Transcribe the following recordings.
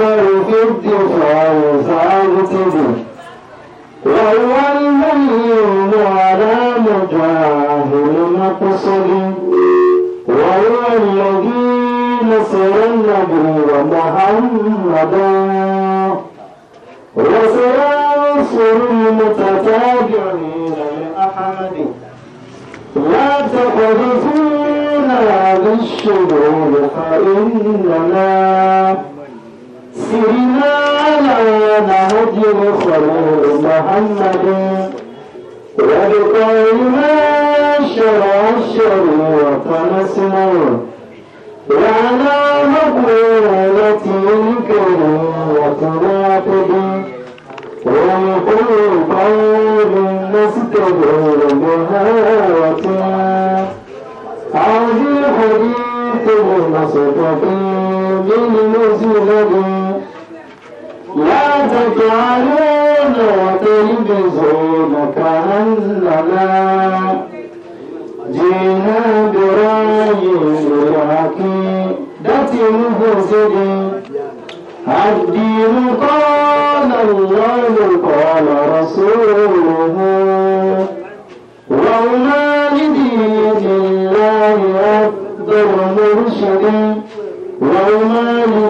يظهر في الدخان فاغتدر وهو المهين على مجاهل مقصد وهو الذي نصر النبي محمدا وسلام نصر المتتابعين لأحمد لا تقذفونا بالشرور فإننا وسرنا على نهج خليل محمد وبقول ما شرع الشريعة نسمع وعلى مقولته الكريمة نعتدي ويقول قول نستدعو بهاوتنا عن الحديث المصطفي بالمسند لا تجعلون وتلبسون كأننا جئنا برأي العقيدة مفسد الدين قال الله قال رسوله وما لدين الله أفضل مرشد وما لدين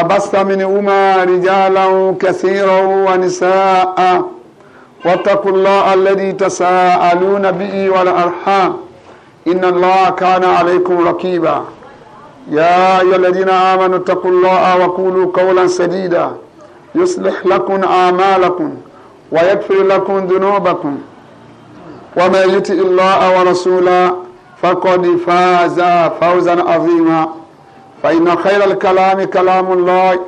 وبث منهما رجالا كثيرا ونساء واتقوا الله الذي تساءلون به والأرحام إن الله كان عليكم رقيبا يا أيها الذين آمنوا اتقوا الله وقولوا قولا سديدا يصلح لكم أعمالكم ويغفر لكم ذنوبكم ومن يطع الله ورسوله فقد فاز فوزا عظيما فإن خير الكلام كلام الله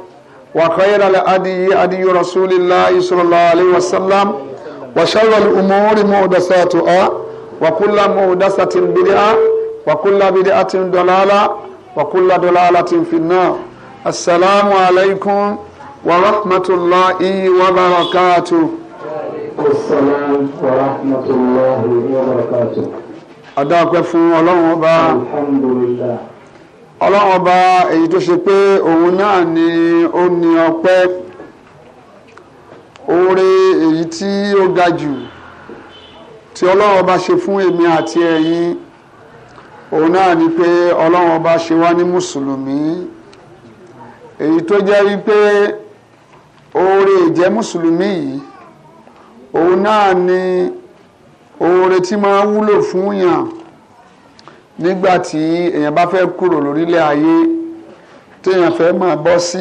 وخير الأدي أدي رسول الله صلى الله عليه وسلم وشر الأمور محدثاتها وكل محدثة بدعة وكل بدعة ضلالة وكل ضلالة في النار السلام عليكم ورحمة الله وبركاته السلام ورحمة الله وبركاته أداك فون الله الحمد لله ọlọ́run ọba èyí tó ṣe pé òun náà ni ó ní ọpẹ́ oore èyí tí ó ga jù tí ọlọ́run ọba ṣe fún èmi àti ẹ̀yin òun náà ni pé ọlọ́run ọba ṣe wá ní mùsùlùmí èyí tó jẹ́ wípé oore ìjẹ́ mùsùlùmí yìí òun náà ni oore tí máa wúlò fún yàn nígbà tí èèyàn bá fẹ́ kúrò lórílẹ̀ ayé téèyàn fẹ́ máa bọ́ sí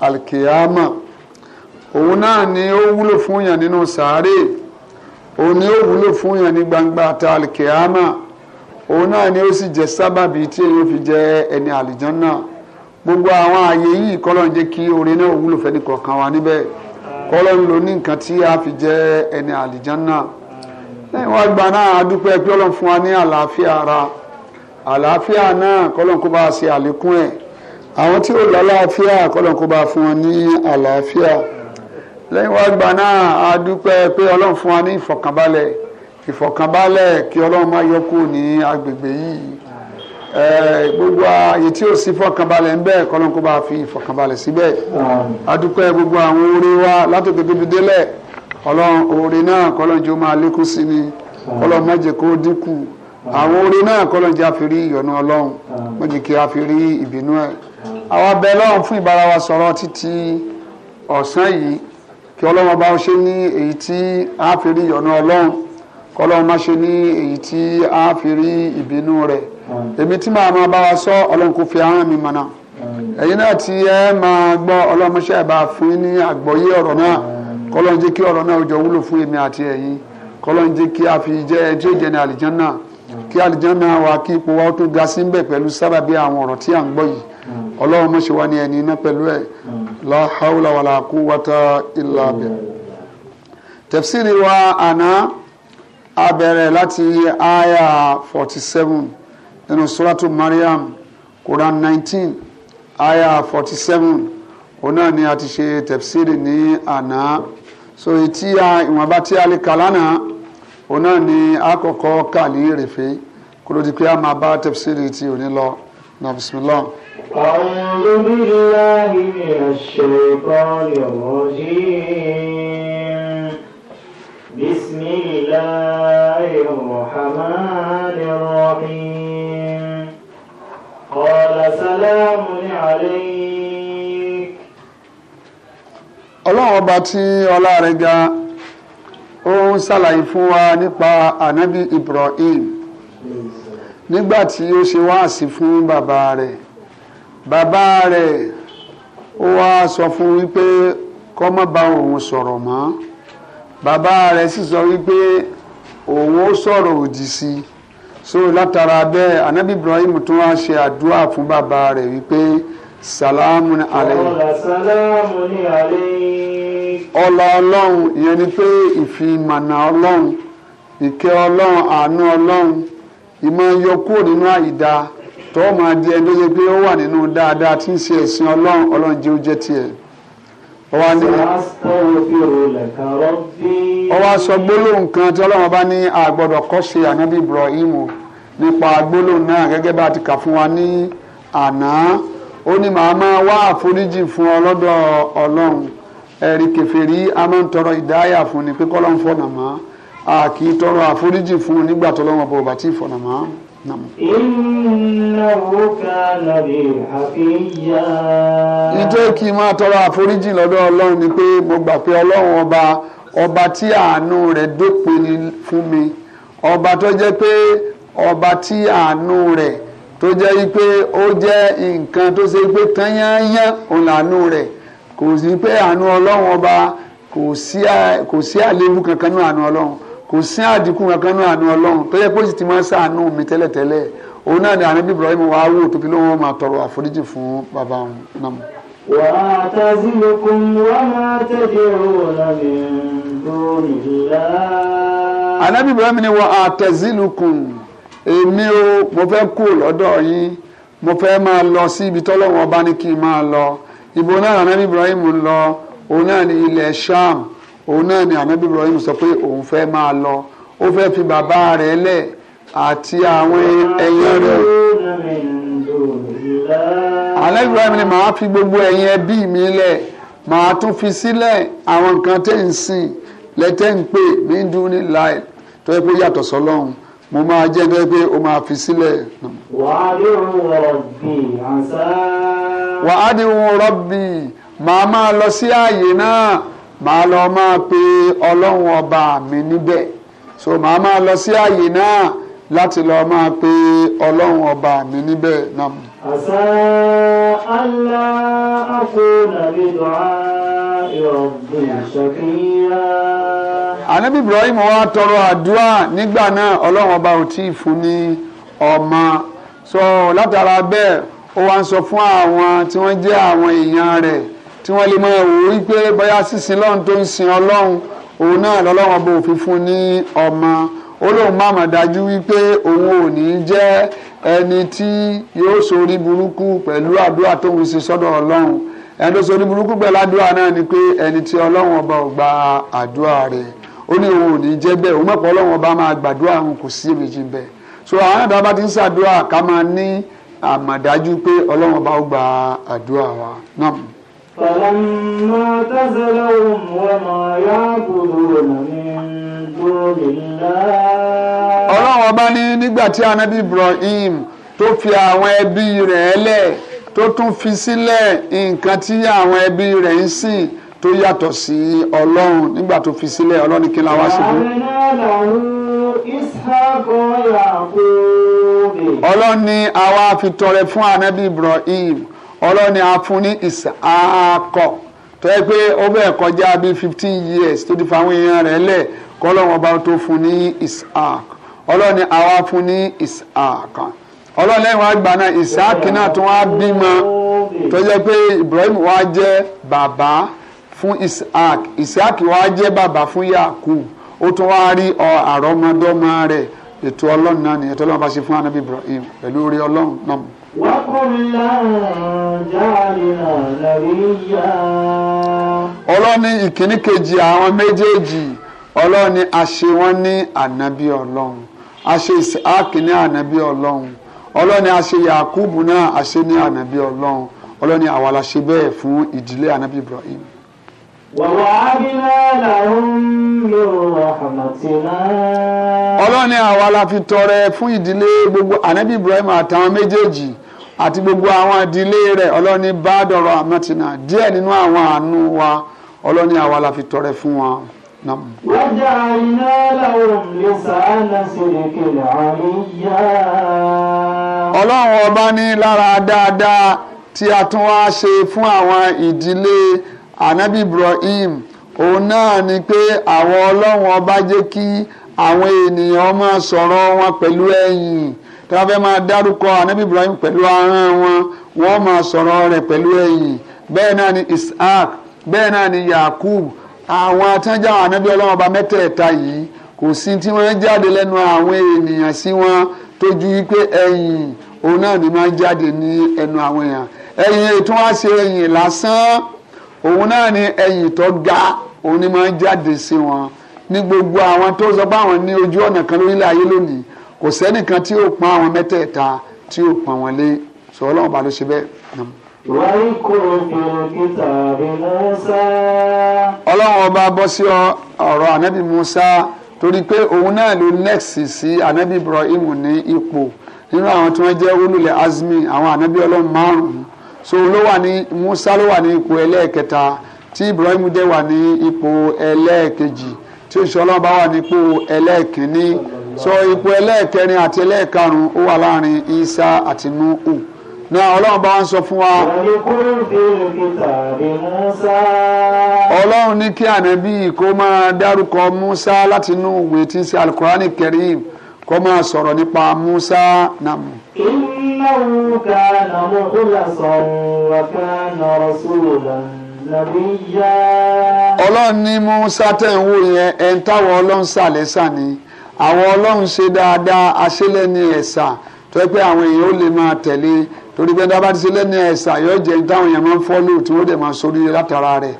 alkiyama òun náà ni ó wúlò fún yàn nínú sàárè òun ni ó wúlò fún yàn ní gbangba ta alkiyama òun náà ni ó sì jẹ sábàbí tí èèyàn fi jẹ ẹni àlìjánná gbogbo àwọn ààyè yìí kọ́lọ́ ń jẹ́ kí orin náà wúlò fẹ́ni kọ̀ọ̀kan wa níbẹ̀ kọ́lọ́ ń lò ní nǹkan tí a fi jẹ ẹni àlìjánná lẹ́yìn wá gba náà a dúpẹ́ pé Ọlọ́run fún wa ní àlàáfíà ara àlàáfíà náà kọ́lọ́n kó bá a ṣe àlékún ẹ̀ àwọn tí ò lálàáfíà kọ́lọ́n kó bá a fún wọn ní àlàáfíà lẹ́yìn wá gbà náà a dúpẹ́ pé ọlọ́run fún wa ní ìfọ̀kànbalẹ̀ ìfọ̀kànbalẹ̀ kí ọlọ́run má yọ kúrò ní agbègbè yìí gbogbo ààyè tí ò sí fọ̀kànbalẹ̀ ń bẹ kọ́lọ́n kó bá fi ìfọ̀kànbalẹ̀ síbẹ̀ a dúpẹ́ gbogbo àwọn oore wa látòkè débi oore náà kọ́lọ́n máa lékún sí ni kọ́lọ́n má kó dínkù àwọn orin náà kọ́ ló ń jẹ́ àfìrí ìyọ̀nù ọlọ́run wọ́n jẹ́ kí a fi rí ìbínú ẹ̀ àwọn abẹ lọ́run fún ìbára wa sọ̀rọ̀ títí ọ̀sán yìí kí ọlọ́run bá ṣe ní èyí tí a fi rí ìyọ̀nù ọlọ́run kọ́ lọ́run má ṣe ní èyí tí a fi rí ìbínú rẹ̀ èmi tí màá máa bá wa sọ ọlọ́run kò fi ahọ́n mi mọ̀nà ẹ̀yin náà ti ẹ máa gbọ́ ọlọ́run ṣe bá fún ní àgbọ́yé kí àlìjánnà wa kí ipò wa ó tún ga sí bẹ̀ pẹ̀lú sábàbí àwọn ọ̀rọ̀ tí à ń gbọ́ yìí ọlọ́run mọ̀ ṣe wá ẹni iná pẹ̀lú ẹ̀ la hawla wala quwwata illa billah. tafsiri wa àná a láti aya forty seven nínú suratu Maryam Quran nineteen aya forty seven òun ni a ti ṣe tafsiri ní àná so etí ìwọ̀nba tí a lè kà lánàá òun náà ni àkọ́kọ́ kà ní ìrèfé kó ló di pé a máa bá tẹ̀síìrì tí ò ní lọ náà bisimilá. أعوذ بالله من الشيطان الرجيم بسم الله الرحمن الرحيم قال ọlọ́run ọba tí ọlá rẹ̀ ga ó ń ṣàlàyé fún wa nípa anabi Ibrahim nígbà tí ó ṣe wáàsí fún bàbá rẹ̀ bàbá rẹ̀ ó wá sọ fún wípé kó má bá òun sọ̀rọ̀ mọ́ bàbá rẹ̀ sì sọ wípé òun ó sọ̀rọ̀ òdì sí i so látara bẹ́ẹ̀ anabi Ibrahim tún wá ṣe àdúrà fún bàbá rẹ̀ wípé salamun alayhi ọlọ ọlọ́run ìyẹn ni pé ìfìmọ̀nà ọlọ́run ìkẹ́ ọlọ́run àánú ọlọ́run ìmọ̀ yọ kúrò nínú àyídá tó máa di ẹni tó yẹ pé ó wà nínú dáadáa tí ń ṣe ẹ̀sìn ọlọ́run ọlọ́run jẹ́ ó jẹ́ tiẹ̀. ọwọ́ ni ọwọ́ sọ gbólóhùn kan tí ọlọ́run bá ní àgbọ̀dọ̀ kọ́ ṣe ànábì Ibrahim nípa gbólóhùn náà gẹ́gẹ́ bá ti kà fún wa ní àná ó ní màá máa wá àforíjì fún ọ lọ́dọ̀ ẹ̀rí kẹfẹ́rí a máa ń tọrọ ìdáyà fún ni pé kọ́lọ́ ń fọ̀nà mọ́ a kì í tọrọ àforíjì fún un nígbà tó lọ́wọ́ bọ̀ bàtí ìfọ̀nà mọ́. Innahu kana bi hafiya. Ìjọ́ kí n máa tọrọ àforíjì lọ́dọ̀ Ọlọ́run ni pé mo gbà pé Ọlọ́run ọba ọba tí àánú rẹ̀ dópin fún mi ọba tó jẹ́ pé ọba tí àánú rẹ̀ tó jẹ́ pé ó jẹ́ nǹkan tó ṣe pé tányányán òun làánú rẹ̀ kò sí pé àánú ọlọ́run ọba kò sí àléébù kankan ní àánú ọlọ́run kò sí àdínkù kankan ní àánú ọlọ́run tó yẹ kó sì ti máa ń ṣàánú mi tẹ́lẹ̀tẹ́lẹ̀ òun náà ni ànábì Ibrahim wà á wò tó fi lóun máa tọrọ àforíjì fún bàbá òun náà. وأعتزلكم وما تدعون من دون الله Ànábì Ibrahim ni wa àtẹ̀sílùkùn èmi o mo fẹ́ kú lọ́dọ̀ yín mo fẹ́ máa lọ sí ibi tọ́lọ́wọ́n ọba ní kí n máa lọ ibo náà anabi ibrahim lọ òun náà ní ilẹ̀ sham òun náà ní anabi ibrahim sọ pé òun fẹ́ máa lọ ó fẹ́ fi bàbá rẹ̀ lẹ̀ àti àwọn ẹ̀yìn rẹ̀ anabi ibrahim ni màá fi gbogbo ẹ̀yìn ẹbí mi lẹ̀ màá tún fi sílẹ̀ àwọn nǹkan tẹ̀ ń sìn lẹ́tẹ̀ ń pè mí dún ní láì tó yẹ pé yàtọ̀ sọlọ́run mo máa jẹ́ ẹgbẹ́ pé o máa fi sílẹ̀. wàá lóun ọ̀gbìn àṣà wà á di wọn rọ́bì màá máa lọ sí ààyè náà màá lọ máa pe ọlọ́run ọba mi níbẹ̀ so màá máa lọ sí ààyè náà láti lọ máa pe ọlọ́run ọba mi níbẹ̀ náà. àṣà àlá àkóónà bí dùn á ìrọ̀bì àṣàkíyà. ànábì Ibrahim wa tọrọ àdúrà nígbà náà ọlọ́run ọba ò tí ì fún ní ọmọ so látara bẹ́ẹ̀ ó wá ń sọ fún àwọn tí wọ́n jẹ́ àwọn èèyàn rẹ̀ tí wọ́n lè máa wò wípé bóyá sísin lọ́run tó ń sin ọlọ́run òun náà lọ́lọ́run ọba òfin fún ní ọmọ ó lóun má mà dájú wípé òun ò ní jẹ́ ẹni tí yóò sorí burúkú pẹ̀lú àdúrà tóun ṣe sọ́dọ̀ ọlọ́run ẹni tó sorí burúkú pẹ̀lú àdúrà náà ni pé ẹni tí ọlọ́run ọba ò gba àdúrà rẹ̀ ó ní òun ò ní jẹ́ bẹ́ẹ̀ òun mọ̀pọ̀ ọlọ́run ọba máa gbàdúrà òun kò sí èméjì bẹ́ẹ̀ so àwọn àdàbà ti ń ṣàdúrà ká máa ní àmọ̀dájú pé ọlọ́run bá gba àdúrà wa náà. فلما تزلهم وما يعبدون من دون الله. ọlọ́run ọba ní nígbà tí anabi Ibrahim tó fi àwọn ẹbí rẹ̀ lẹ̀ tó tún fi sílẹ̀ nǹkan tí àwọn ẹbí rẹ̀ ń sìn tó yàtọ̀ sí ọlọ́run nígbà tó fi sílẹ̀ ọlọ́run kí n la wá síbí. àmì náà làwọn Ishaq ọlọ́run ní àwa fi tọrẹ fún anabi ibrahim ọlọ́run ní a fún ní ìsàkọ̀ tó yẹ pé ó bẹ̀ kọjá bí fifteen years tó ti fa àwọn èèyàn rẹ̀ lẹ̀ kọ́lọ́run ọba tó fún ní ìsàk ọlọ́run ní àwa fún ní ìsàk ọlọ́run lẹ́yìn wá gbà náà ìsàk náà tó wá bímọ tó yẹ pé ibrahim wá jẹ́ bàbá fún isaac isaac wá jẹ́ bàbá fún yakub ó tún wá rí àrọ́mọdọ́mọ rẹ̀ ètò ọlọ́run náà ni ètò ọlọ́run bá ṣe fún anabi ibrahim pẹ̀lú orí ọlọ́run náà. wákùnlá jàlínà nàbíyà. ọlọ́ni ìkíní kejì àwọn méjèèjì ọlọ́ni a ṣe wọ́n ní ànábì ọlọ́run a ṣe ìsáàkì ní ànábì ọlọ́run ọlọ́ni a ṣe yakubu náà a ṣe ní ànábì ọlọ́run ọlọ́ni àwa la ṣe bẹ́ẹ̀ fún ìdílé ànábì ibrahim ọlọ́run ni àwa la fi tọrẹ fún ìdílé gbogbo ànábì Ibrahim àtàwọn méjèèjì àti gbogbo àwọn ìdílé rẹ̀ ọlọ́run ni bá dọ̀rọ̀ àmọ́tìnà díẹ̀ nínú àwọn àánú wa ọlọ́run ni àwa la fi tọrẹ fún wa. wájà iná làwọn lè sàánà sèrèkèrè àríyá. ọlọ́run ọba ní lára dáadáa tí a tún wá ṣe fún àwọn ìdílé ànábì Ibrahim òun náà ni pé àwọn ọlọ́run ọba jẹ́ kí àwọn ènìyàn máa sọ̀rọ̀ wọn pẹ̀lú ẹ̀yìn tí wọ́n fẹ́ máa dárúkọ ànábì Ibrahim pẹ̀lú ahọ́n wọn wọ́n máa sọ̀rọ̀ rẹ̀ pẹ̀lú ẹ̀yìn bẹ́ẹ̀ náà ni Isaac bẹ́ẹ̀ náà ni Yakub àwọn atánjá ànábì ọlọ́run ọba mẹ́tẹ̀ẹ̀ta yìí kò sí tí wọ́n jáde lẹ́nu àwọn ènìyàn sí wọn tójú wípé ẹ̀yìn òun náà ni máa jáde ní ẹnu àwọn èèyàn ẹ̀yìn ètò wá ṣe ẹ̀yìn lásán òun náà ni ẹ̀yìn tó ga òun ni máa ń jáde sí wọn ní gbogbo àwọn tó sọ pé àwọn ní ojú ọ̀nà kan lórílẹ̀ ayé lónìí kò sẹ́nìkan tí ó pọn àwọn mẹ́tẹ̀ẹ̀ta tí ó pọn wọn lé sọ ọlọ́run bá ló ṣe bẹ́ẹ̀. wáyé kò fún kíta bí Musa. ọlọ́run ọba bọ́ sí ọ̀rọ̀ ànábì Musa torí pé òun náà ló nẹ́ẹ̀sì sí ànábì Ibrahim ní ipò nínú àwọn tí wọ́n jẹ́ olùlẹ̀ azmi àwọn anabi ọlọ́run márùn-ún so ló wà ní Musa ló wà ní ipò ẹlẹ́ẹ̀kẹta tí Ibrahim dẹ̀ wà ní ipò ẹlẹ́ẹ̀kejì tí oṣù ọlọ́run bá wà ní ipò ẹlẹ́ẹ̀kínní so ipò ẹlẹ́ẹ̀kẹrin àti ẹlẹ́ẹ̀karùn-ún ó wà láàrin Isa àti Nuhu náà ọlọ́run bá ń sọ fún wa. ọlọ́run ní kí ànábì kó máa dárúkọ Musa látinú ìwé tí ń ṣe Al-Qur'ani Karim kó máa sọ̀rọ̀ nípa Musa nàmú. إنه كان مخلصا وكان رسولا ọlọ́run ni musa tẹ̀ wò yẹn ẹni táwọn ọlọ́run ṣàlẹ́sà ni àwọn ọlọ́run ṣe dáadáa aṣẹ́lẹ̀ ní ẹ̀sà tó yẹ pé àwọn èèyàn ó lè máa tẹ̀lé torí pé dábàá ti ṣe lẹ́nu ẹ̀sà yóò jẹ́ táwọn èèyàn máa ń fọ́lù tí wọ́n dẹ̀ máa sórí látara rẹ̀.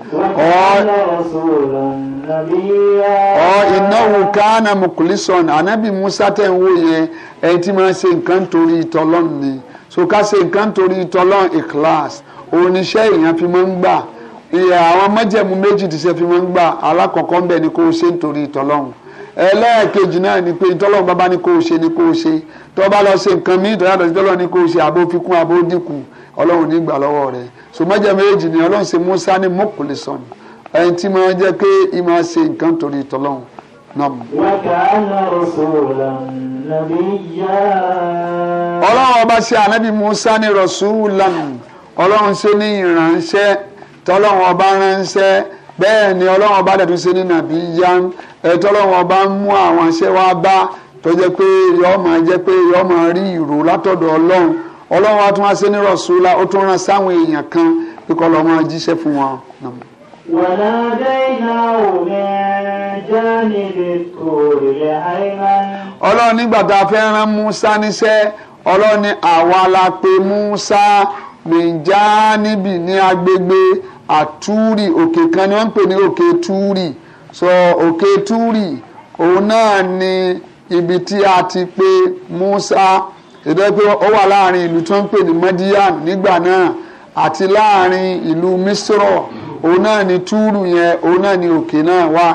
ọ ìnáwó kánà mùkúlísọ̀nù ànábì Musa tẹ̀ ń wò yẹn ẹni tí máa ń ṣe nǹkan torí tọlọ́n ni so ká ṣe nǹkan torí tọlọ́n ìkíláàsì oníṣẹ́ èèyàn fi máa ń gbà àwọn májẹ̀mú méjì ti ṣe fi máa ń gbà alákọ̀ọ́kọ́ ń bẹ̀ ni kó o ṣe nítorí tọlọ́hùn ẹlẹ́ẹ̀kejì náà ni pé tọ́lọ́run bá bá ní kó o ṣe kó o ṣe tó bá lọ ṣe nǹkan yàtọ̀ sí tọ́lọ́run ní kó o ṣe àbó fikún àbó dínkù ọlọ́run ní gbà lọ́wọ́ rẹ̀ so mẹ́jẹ méjì ni ọlọ́run ṣe Musa ní mokulison ẹni tí máa jẹ́ pé ì máa ṣe nǹkan torí tọ́lọ́run ọba ṣe ànábì Musa ní ọlọ́run ṣe ní ìránṣẹ́ tọ́lọ́run ọba ránṣẹ́ bẹ́ẹ̀ ni ọlọ́run ọba dẹ̀ tún ṣe ní nàbí yá ẹ̀tọ́ ọlọ́run ọba ń mú àwọn iṣẹ́ wa bá tó jẹ́ pé yọ máa jẹ́ pé yọ máa rí ìró látọ̀dọ̀ ọlọ́run ọlọ́run wa tún wá ṣe ní rọ̀ṣúlá ó tún rán sáwọn èèyàn kan pé kọ́ lọ́ máa jíṣẹ́ fún wọn. wàlá dẹ́yìnà òní ẹja níbi kò lè àìmán. ọlọ́run nígbà tá a fẹ́ rán Musa níṣẹ́ ọlọ́run ni àwa la pe Musa mìjà níbì ní agbègbè àtúrì òkè kan ni wọ́n ń pè ní òkè túrì so òkè túrì òun náà ni ibi tí a ti pè Musa ìdọ́ pé ó wà láàrin ìlú tí wọ́n ń pè ní Madian nígbà náà àti láàrin ìlú Misro òun náà ni túrù yẹn òun náà ni òkè náà wà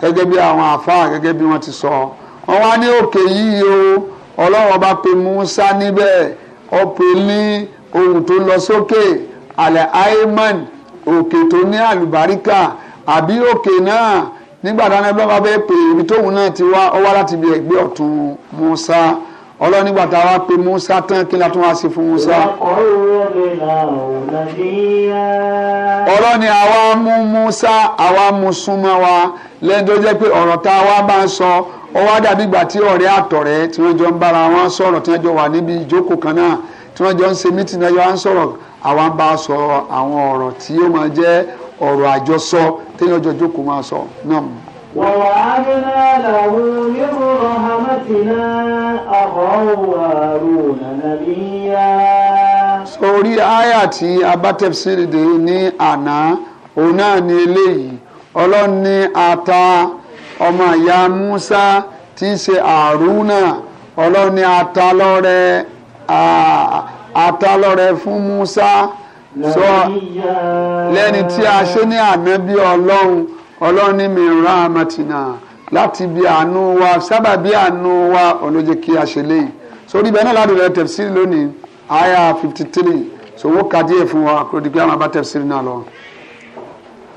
gẹ́gẹ́ bí àwọn àfáà gẹ́gẹ́ bí wọ́n ti sọ wọ́n wá ní òkè yìí o ọlọ́wọ́ bá pe Musa níbẹ̀ ó pè ní ohun tó lọ sókè àlẹ́ aiman òkè tó ní àlùbáríkà àbí òkè náà nígbà táwọn ẹgbẹ́ bá fẹ́ pè ibi tóun náà ti wá ó láti ibi ẹ̀gbẹ́ ọ̀tún Musa ọlọ́run nígbà tá a wá pe Musa tán kí la tún wá sí fún Musa. ọ̀rọ̀ ni àwa mú Musa àwa mú súnmọ́ wa lẹ́yìn tó jẹ́ pé ọ̀rọ̀ tá a wá bá ń sọ ó wá ìgbà tí ọ̀rẹ́ àtọ̀rẹ́ tí wọ́n jọ ń bára wọn sọ̀rọ̀ tí wọ́n jọ wà níbi ìjókòó kan náà tí wọ́n jọ ń ṣe mítìn náà yọ wá ń sọ̀rọ̀ àwa ń bá a sọ àwọn ọ̀rọ̀ tí ó máa jẹ́ ọ̀rọ̀ àjọsọ téèyàn jọ jókòó máa sọ náà. ووهبنا له من رحمتنا أخاه هارون نبيا sórí àyà tí abátẹ́fsìrì dé ní àná òun náà ni eléyìí ọlọ́run ní ata ọmọ ìyá Musa tí í ṣe Àrúnà ọlọ́run ní ata lọ́rẹ́ àtàlọ́rẹ̀ ah, fún Musa sọ lẹ́ni tí a ṣe ní ànábì ọlọ́run ọlọ́run ní mìíràn amatina láti bí àánú wa sábàbí àánú wa ọlọ́jẹ́ kí a ṣe léyìí sórí ibẹ̀ náà láti rẹ̀ tafsiri lónìí àyà fifty three sowó kàdí ẹ̀ fún wa kó dìgbà máa bá tafsiri náà lọ.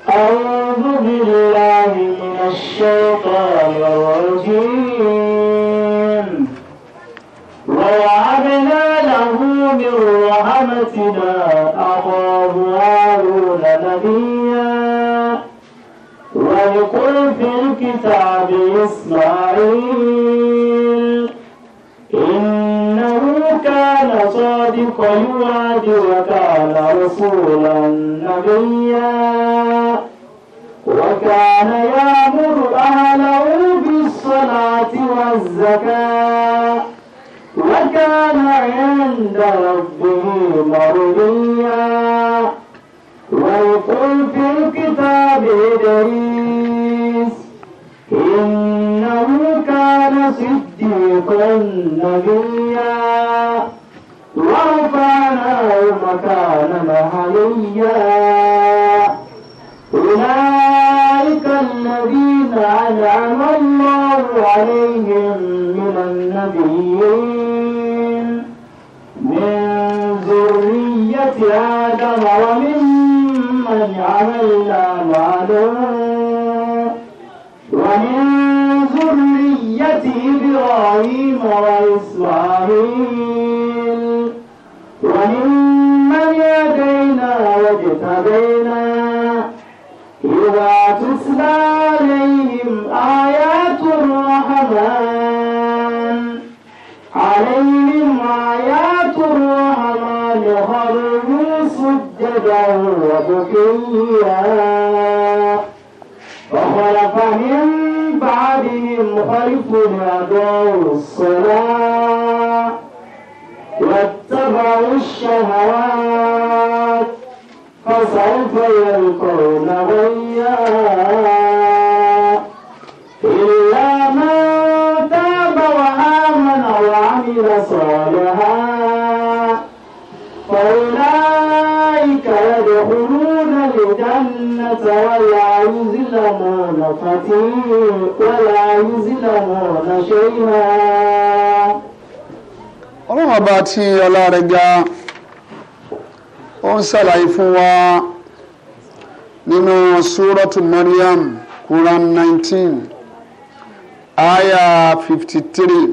أعوذ بالله من الشيطان الرجيم ووهبنا له من رحمتنا أخاه هارون نبيا ويقول في الكتاب إسماعيل إنه كان صادق يوعد وكان رسولا نبيا وكان يأمر أهله بالصلاة والزكاة عند ربه مرضيا واذكر في الكتاب إدريس إنه كان صديقا نبيا ورفعناه مكانا عليا أولئك الذين أنعم الله عليهم من النبيين آدم وممن عملنا مع نوح ومن ذرية إبراهيم وإسماعيل بكيا فخلف بعدهم خلف أضاعوا الصلاة واتبعوا الشهوات فسوف يلقون غيا إلا من تاب وآمن وعمل صالحا فأولئك ولا يظلمون فتيلا ولا يظلمون شيئا ọlọ́run ọba tí ọlá rẹ̀ ga ó ń ṣàlàyé fún wa nínú súrọ́tù Maryam Quran nineteen aya fifty three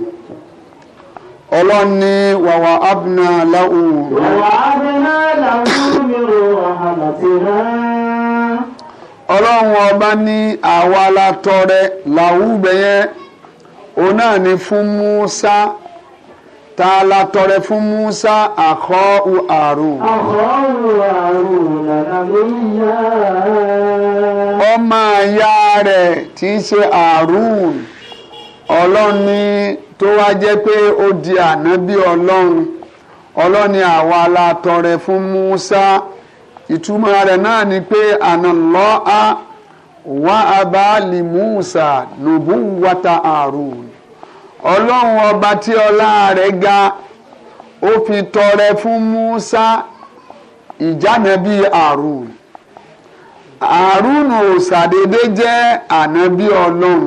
ọlọ́run ní wàwà abna láwù. wàwà abna láwù mi rò àmàtìrán ọlọ́run ọba ní àwa la tọrẹ làwùbẹ̀ yẹn òun náà ni fún Musa ta la tọrẹ fún Musa àkọ́ u àrùn. àkọ́ u àrùn nàná ló ń yá. ọmọ ìyá rẹ̀ tí í ṣe àrùn ọlọ́run ní tó wá jẹ́ pé ó di ànábì ọlọ́run ọlọ́run ni àwa la tọrẹ fún Musa ìtumọ̀ rẹ̀ náà ni pé ànàlọ́à wà abáàlì Musa nùbú wata àrùn ọlọ́run ọba tí ọlá rẹ̀ ga ó fi tọrẹ fún Musa ìjánabí àrùn àrùn ò ṣàdédé jẹ́ ànábí ọlọ́run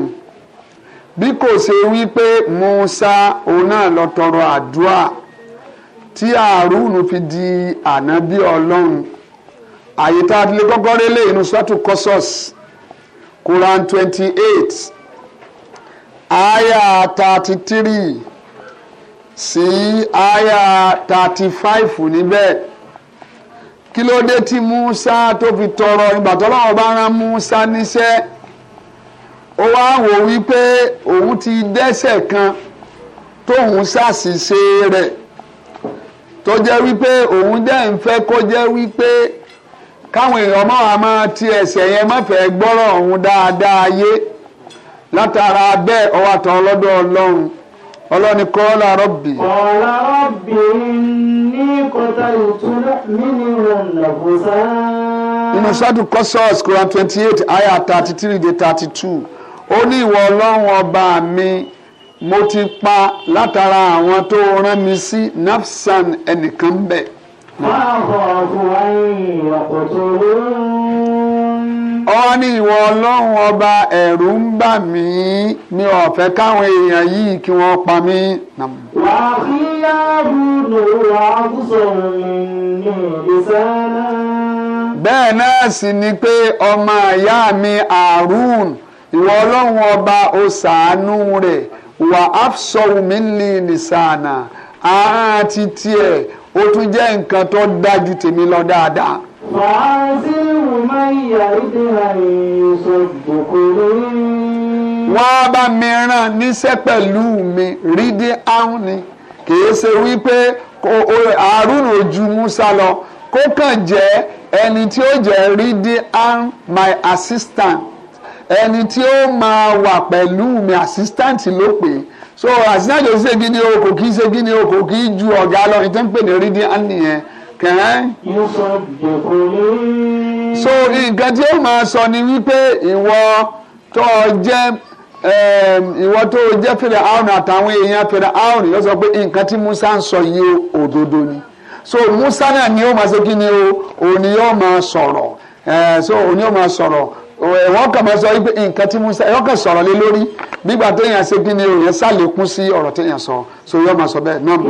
bí kò ṣe wípé Musa òun náà lọ tọrọ àdúrà tí àrùn fi di ànábí ọlọ́run àyè tá a ti lè kọ́kọ́ rélé inú sọ́tù kọ́sọ́s Quran twenty eight aya thirty three sí aya thirty five níbẹ̀ kí ló dé tí Musa tó fi tọrọ ìgbà tó lọ́wọ́ bá rán Musa níṣẹ́ ó wá wò wípé òun ti dẹ́ṣẹ̀ kan tóun ṣàṣìṣe rẹ̀ tó jẹ́ wípé òun dẹ́ ń fẹ́ kó jẹ́ wípé káwọn èèyàn máa wà máa ti ẹsẹ̀ yẹn má fẹ́ gbọ́rọ̀ ọ̀hún dáadáa yé látara bẹ́ẹ̀ ọwọ́ àtàn ọlọ́dọ̀ ọlọ́run ọlọ́run ni kọ́lá rọ́bì. kọ́lá rọ́bì ní kọ́tà ìtura nínú ìrànlọ́gbọ̀nsá. nínú sọ́dún kọ́sọ́ọ̀s Quran twenty eight ayah thirty three dé thirty two ó ní ìwọ ọlọ́run ọba mi mo ti pa látara àwọn tó rán mi sí nafsan ẹnìkan bẹ́ẹ̀ ọ ní ìwọ ọlọ́run ọba ẹ̀rù ń bà mí mi ò fẹ́ káwọn èèyàn yìí kí wọ́n pa mí. wà á fi àbúrò wà á kú sọ̀rọ̀ ní ìsẹ́lẹ̀. bẹ́ẹ̀ náà sì ni pé ọmọ ìyá mi Harun ìwọ ọlọ́run ọba ó ṣàánú rẹ̀ wà á sọ̀rọ̀ mí ní ìsànà àá ti tiẹ̀ ó tún jẹ́ nǹkan tó dájú tèmi lọ dáadáa. wàá sí ìwúmọ́ ìyá ìdí àìsàn ìgbòkòrò wọ́n á bá mi rán níṣẹ́ pẹ̀lú mi rídí áhùn ni kìí ṣe wípé àrùn ojú musa lọ kó kàn jẹ́ ẹni tí ó jẹ́ rídí áhùn my assistant ẹni tí ó máa wà pẹ̀lú mi assistant ló pè é so àsínájò ṣe kí ṣe ju ọ̀gá lọ ní tó ń pè ní rídíà nìyẹn so nǹkan tí ó máa sọ ni wípé ìwọ tó jẹ́ ehm, ìwọ tó jẹ́ fèrè àrùn àtàwọn èèyàn fèrè àrùn yóò sọ pé nǹkan tí Musa ń sọ yìí òdodo ni so Musa náà ni ó máa ṣe kí ni o òun eh, so yóò wọ́n kàn máa sọ wípé nǹkan tí Musa wọ́n kàn sọ̀rọ̀ lé lórí nígbà téèyàn ṣe kí ni èèyàn ṣàlékún sí ọ̀rọ̀ téèyàn sọ so yóò máa sọ bẹ́ẹ̀ náà mú.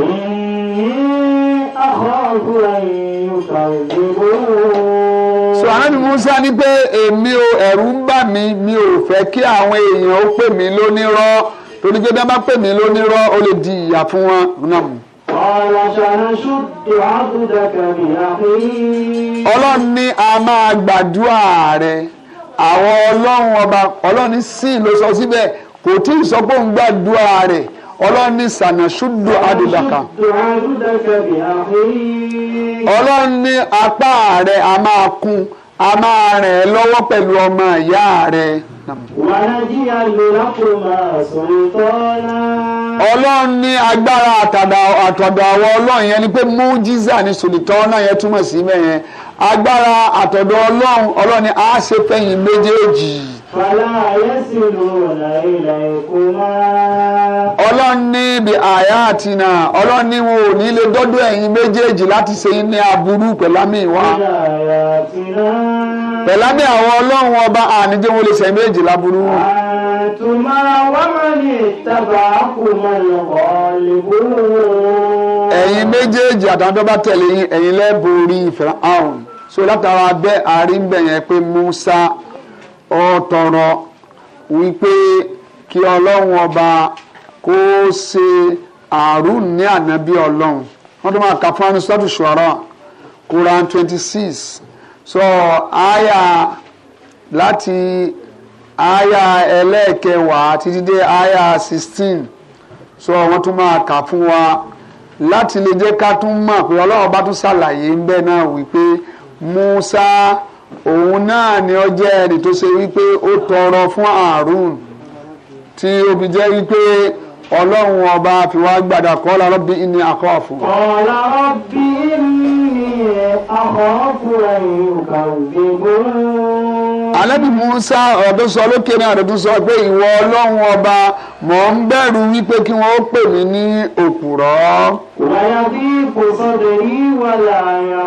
so anábì Musa ní pé èmi ò ẹ̀rù ń bà mí mi ò fẹ́ kí àwọn èèyàn ó pè mí lónírọ́ torí pé bí wọ́n bá pè mí lónírọ́ ó lè di ìyà fún wọn náà mú. Ọlọ́run ní a máa gbàdúrà rẹ̀ àwọn ọlọ́run ọba ọlọ́run sí ló sọ síbẹ̀ kò tí ì sọ pé òun gbàdúrà rẹ̀ ọlọ́run ní sànà ṣùdù àdìdàkà ọlọ́run ní apá rẹ̀ a máa kún a máa rẹ̀ lọ́wọ́ pẹ̀lú ọmọ ìyá rẹ̀. ọlọ́run ní agbára àtọ̀dọ̀ àwọn ọlọ́run yẹn ni pé mújísà ní sòlítọ́ náà yẹn túmọ̀ sí mẹ́yẹn agbára àtọ̀dọ̀ ọlọ́run ọlọ́run ni a ṣe fẹ̀yìn méjèèjì. Fàlà ayé sì wọ̀lá ilẹ̀ èkó máa. Ọlọ́run ní ibi àyà àti nà ọlọ́run ní wọn ò ní lè dọ́dọ̀ ẹ̀yin méjèèjì láti ṣe ní aburú pẹ̀lámì wa. Pẹ̀lámì àwọn ọlọ́run ọba àníjẹ́ wọn lè ṣe méjì láburú. Àtùmá wámánì tábà kùmọ̀ lọ́kọ̀ lè méjèèjì àtàwọn tó bá tẹ̀lé yín lẹ́ẹ̀bù orí ìfẹ́ so látara bẹ́ẹ̀ àrígbẹ̀ yẹn pé Musa ó tọrọ wípé kí ọlọ́run ọba kó ṣe àrùn ní ànábì ọlọ́run wọ́n tún máa kà fún anisọ́tù ṣọ́ra Quran twenty six so aya láti aya ẹlẹ́ẹ̀kẹwàá títí dé aya sixteen so wọ́n tún máa kà fún wa láti lè jẹ́ ká tún mọ̀ pé ọlọ́run ọba tún ṣàlàyé ń bẹ náà wípé. Musa òun náà ni ó jẹ́ ẹni tó ṣe wípé ó tọrọ fún Harun tí ó fi wípé ọlọ́run ọba fi wá gbàdá kọ́lá rọ́bì ní akọ́ọ̀fù. kọ́lá rọ́bì ní akọ́ọ̀fù ẹ̀yìn òkàwé gbòòrò anabi musa ọdún sọ lókè náà ọdún sọ pé ìwọ ọlọ́run ọba mò ń bẹ̀rù wípé kí wọ́n pè mí ní òpùrọ́. àyà bí kò sọdọ̀ yìí wà láàyà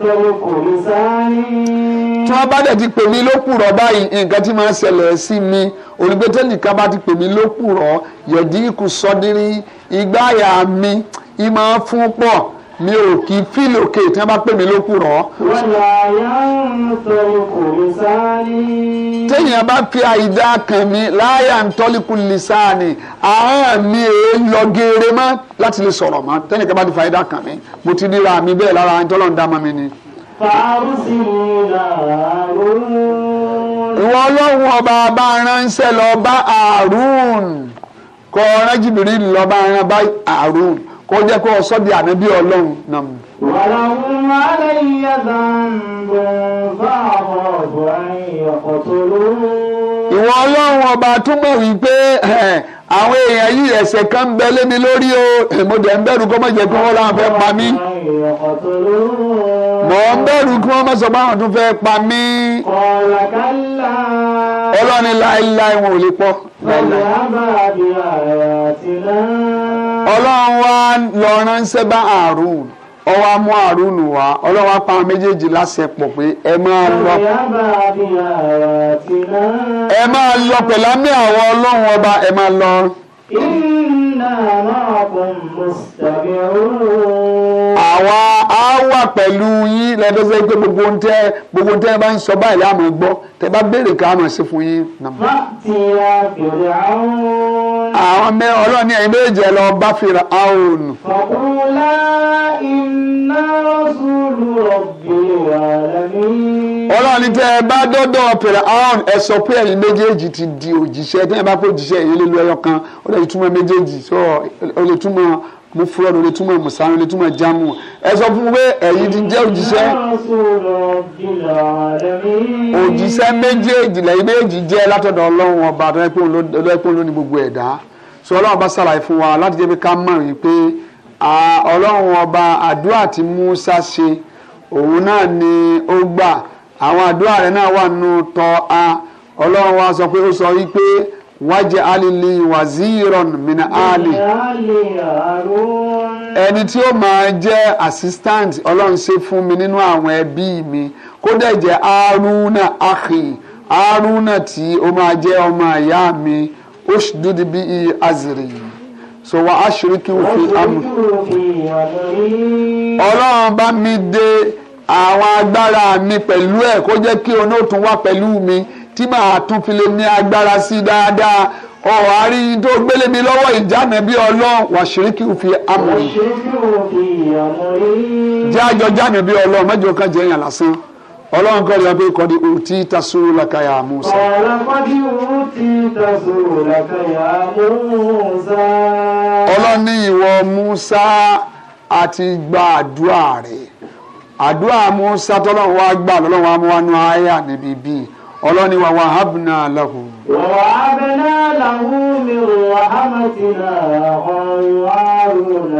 tọ́lọ́ kò ní sáré. tí wọ́n bá ti pè mí lópùrọ́ báyìí nǹkan tí máa ń ṣẹlẹ̀ sí mi olùgbẹ́tẹ́ nìkan bá ti pè mí lópùrọ́ yẹ̀dí kò sọdírí igbáyà mi ìmọ̀ fún pọ̀ mi ò kì í fílì òkè tí wọ́n bá pè mí lókù rán. wàlá yá ń tọ́lùkù lìsáàní. téèyàn bá fi àìdá kan mi láyà ń tọ́lùkù lìsáàní àárẹ̀ mi èé lọ geere mọ́ láti lè sọ̀rọ̀ mọ́ téèyàn bá ti fa àìdá kan mi mo ti dira mi bẹ́ẹ̀ lára ẹni tọ́lọ́ ń dá mọ́ mi ni. ìwọ ọlọ́run ọba bá ránṣẹ́ lọ bá àrùn kọ́ ọ̀rán jìbìrì lọ bá rán bá àrùn. kó jẹ́ kó sọ di ànábì ọlọ́run náà. wàrà ń alẹ́ yíyá dànù fáwọn ọ̀bùn ẹ̀yìn ọ̀tọ̀ lóhùn. ìwọ ọlọ́run ọba túmọ̀ wípé àwọn èèyàn yìí ẹ̀ṣẹ̀ kan ń bẹ lémi lórí o mo dẹ̀ ń bẹ̀rù kó má jẹ́ kí wọ́n láwọn fẹ́ pa mí. mo ń bẹ̀rù kí wọ́n má sọ pé àwọn tún fẹ́ pa mí. ọlọ́ni láéláé wọn ò lè pọ̀. ọlọ́run wa lọ ránṣẹ́ bá àrùn ó wá àrùn wá ọlọ́wọ́ apá méjèèjì láṣepọ̀ pé ẹ máa lọ. ẹ máa lọ pẹ̀lú àmì àwọn ọlọ́run ọba ẹ máa lọ. إنا معكم مستمعون àwa á wà pẹ̀lú yín lẹ́dọ́sẹ̀ pé gbogbo ń tẹ́ gbogbo ń tẹ́ bá ń sọ báyìí láàmú gbọ́ tẹ́ bá béèrè ká mọ̀ sí fún yín. àwọn mẹ́ ọlọ́ọ̀ni ẹ̀yin méjì ẹ lọ bá fira àwọn. fàkúrúlá iná sùúrù rọ̀bì wà lẹ́mí ọlọ́run tẹ́ ẹ bá dọ́dọ̀ pẹ̀lú àwọn ẹ pé ẹ̀yin méjèèjì ti di òjíṣẹ́ tẹ́ bá pé òjíṣẹ́ yìí lé lóyọ kan ó lè túmọ̀ méjèèjì so o lè túmọ̀ mufurọ́dù lè túmọ̀ musanu lè túmọ̀ jamu ẹ sọ fún mi pé ẹ̀yin ti jẹ́ òjíṣẹ́ òjíṣẹ́ méjèèjì lẹ́yìn méjèèjì jẹ́ látọ̀dọ̀ ọlọ́run ọba àtọ́lẹ́pọ̀ ló gbogbo ẹ̀dá so ọlọ́run bá ṣàlàyé fún wa láti jẹ́ pé ká mọ̀ rí pé ọlọ́run ọba àdúrà tí Musa ṣe òun náà ni ó gbà àwọn àdúrà rẹ̀ náà wà nù tọ́ a ọlọ́run wa sọ pé ó sọ wípé wájẹ alili waziron mina ali ẹni tí ó máa jẹ́ assistant ọlọ́run ṣe fún mi nínú àwọn ẹbí mi kó dẹ̀ jẹ́ aruna akhi aruna tí ó máa jẹ́ ọmọ àyá mi ushdud bi aziri. so wa ashiriki fi amri ọlọ́run bá mi dé àwọn agbára mi pẹ̀lú ẹ̀ kó jẹ́ kí onótùn wá pẹ̀lú mi tí màá tún fi lè ní agbára sí dáadáa ọ̀hún àárín yìí tó gbélé mi lọ́wọ́ ìjánu bí ọlọ́run wà kí n fi amọ̀ yìí. jẹ́ àjọ jánu bí ọlọ́run mẹ́jọ kan jẹ́ èèyàn lásán ọlọ́run kọ́ ni abẹ́ kọ́ ni òtí tasoro lakaya musa. ọ̀rọ̀ kọ́ni òtí tasoro lakaya musa. ọlọ́run ní ìwọ musa àti gba àdúrà rẹ̀ àdúrà musa tọ́lọ́run wá gbà lọ́lọ́run wá mú wá nú àyà níbi bíi ọlọ́ni wa wàhábùnà lahu. wàhábùnà lahu mi rahmatina ọ̀rùn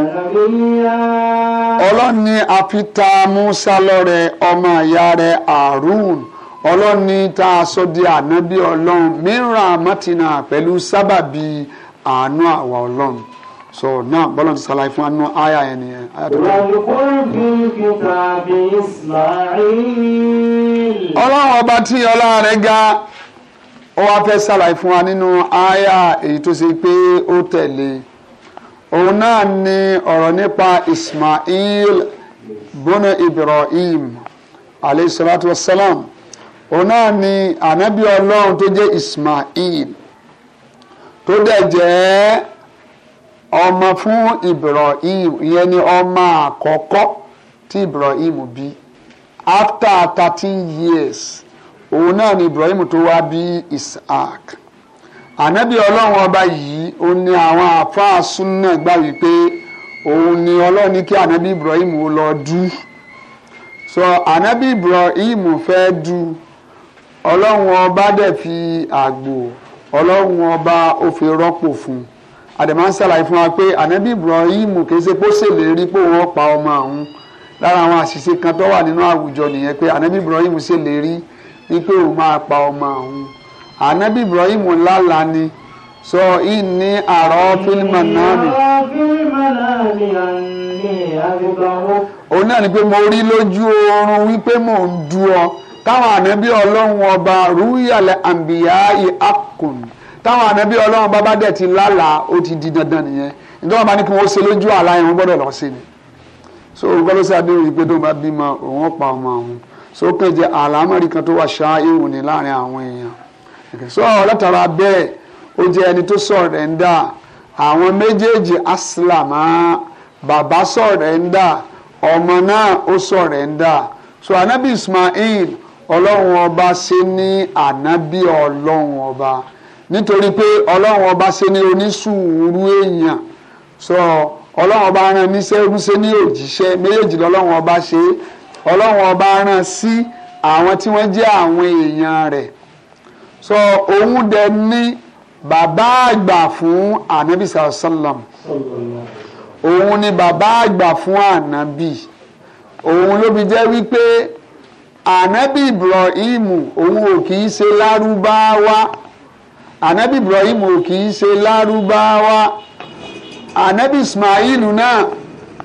ọlọ́ni àfitá Musa lọ́rẹ̀ ọmọ ìyá rẹ̀ Harun ọlọ́ni tá a sọ di ànábì ọlọ́run mìíràn àmọ́tìnà pẹ̀lú sábàbí àánú àwa ọlọ́run so náà bọ́lá ti ṣàlàyé fún wa nínú àyà yẹn nìyẹn. ọlọ́run ọba tí ọlá rẹ̀ ga ó wá fẹ́ ṣàlàyé fún wa nínú àyà èyí tó ṣe pé ó tẹ̀lé òun náà ni ọ̀rọ̀ nípa Ismail bono Ibrahim alayhi salatu wa salam òun náà ni ànábì ọlọ́run tó jẹ́ Ismail tó dẹ̀ jẹ́ ọmọ fún Ibrahim ìyẹn ni ọmọ àkọ́kọ́ tí Ibrahim bí after thirteen years òun náà ni Ibrahim tó wá bí Isaac ànábì ọlọ́run ọba yìí ó ní àwọn àfáà súnà gbà wípé òun ni ọlọ́run ní kí ànábì Ibrahim ó lọ dú so ànábì Ibrahim fẹ́ dú ọlọ́run ọba dẹ̀ fi àgbò ọlọ́run ọba ó fi rọ́pò fún un àdèmá ń ṣàlàyé fún wa pé ànábì Ibrahim kì í ṣe pé ó ṣèlérí pé òun pa ọmọ àwọn lára àwọn àṣìṣe kan tó wà nínú àwùjọ nìyẹn pé ànábì Ibrahim ṣèlérí wípé òun máa pa ọmọ àwọn ànábì Ibrahim lálàá ni sọ ìní àrọ fílmù náà mi. òun náà ni pé mo rí lójú oorun wípé mò ń du ọ táwọn ànábì ọlọ́run ọba rúyàlẹ̀ àǹbíyá ìhàkùn táwọn ànábì ọlọ́run bá bá dẹ̀ ti lálàá ó ti di dandan nìyẹn nítorí wọn bá ní kí wọn ṣe lójú àlá yẹn wọn gbọ́dọ̀ lọ sí ni so gbọ́dọ̀ sí adé tó bá bímọ òun pa ọmọ àwọn so kàn jẹ àlámọ̀rí kan tó wà ṣá ìwò ní láàrin àwọn èèyàn so látara bẹ́ẹ̀ ó jẹ ẹni tó sọ̀rẹ́ńdà àwọn méjèèjì asìlámà bàbá sọ̀rẹ́ńdà ọmọ náà ó sọ̀rẹ́ńdà so anabi Ismail ọlọ́run ọba ṣe ní anabi ọlọ́run ọba nítorí pé ọlọ́run ọba ṣe ní onísùúrù èèyàn sọ ọlọ́run ọba rán níṣẹ́ rúṣẹ́ ní òjíṣẹ́ méjèèjì lọ́lọ́run ọba ṣe ọlọ́run ọba rán sí àwọn tí wọ́n jẹ́ àwọn èèyàn rẹ̀ sọ òun dẹ ní bàbá àgbà fún ànábì sàlọ́m òun ni bàbá àgbà fún ànábì òun ló fi jẹ́ wípé ànábì Ibrahim òun ò kì í ṣe lárúbáwá ànábì Ibrahim ò kì í ṣe lárúbáwá ànábì Ismail náà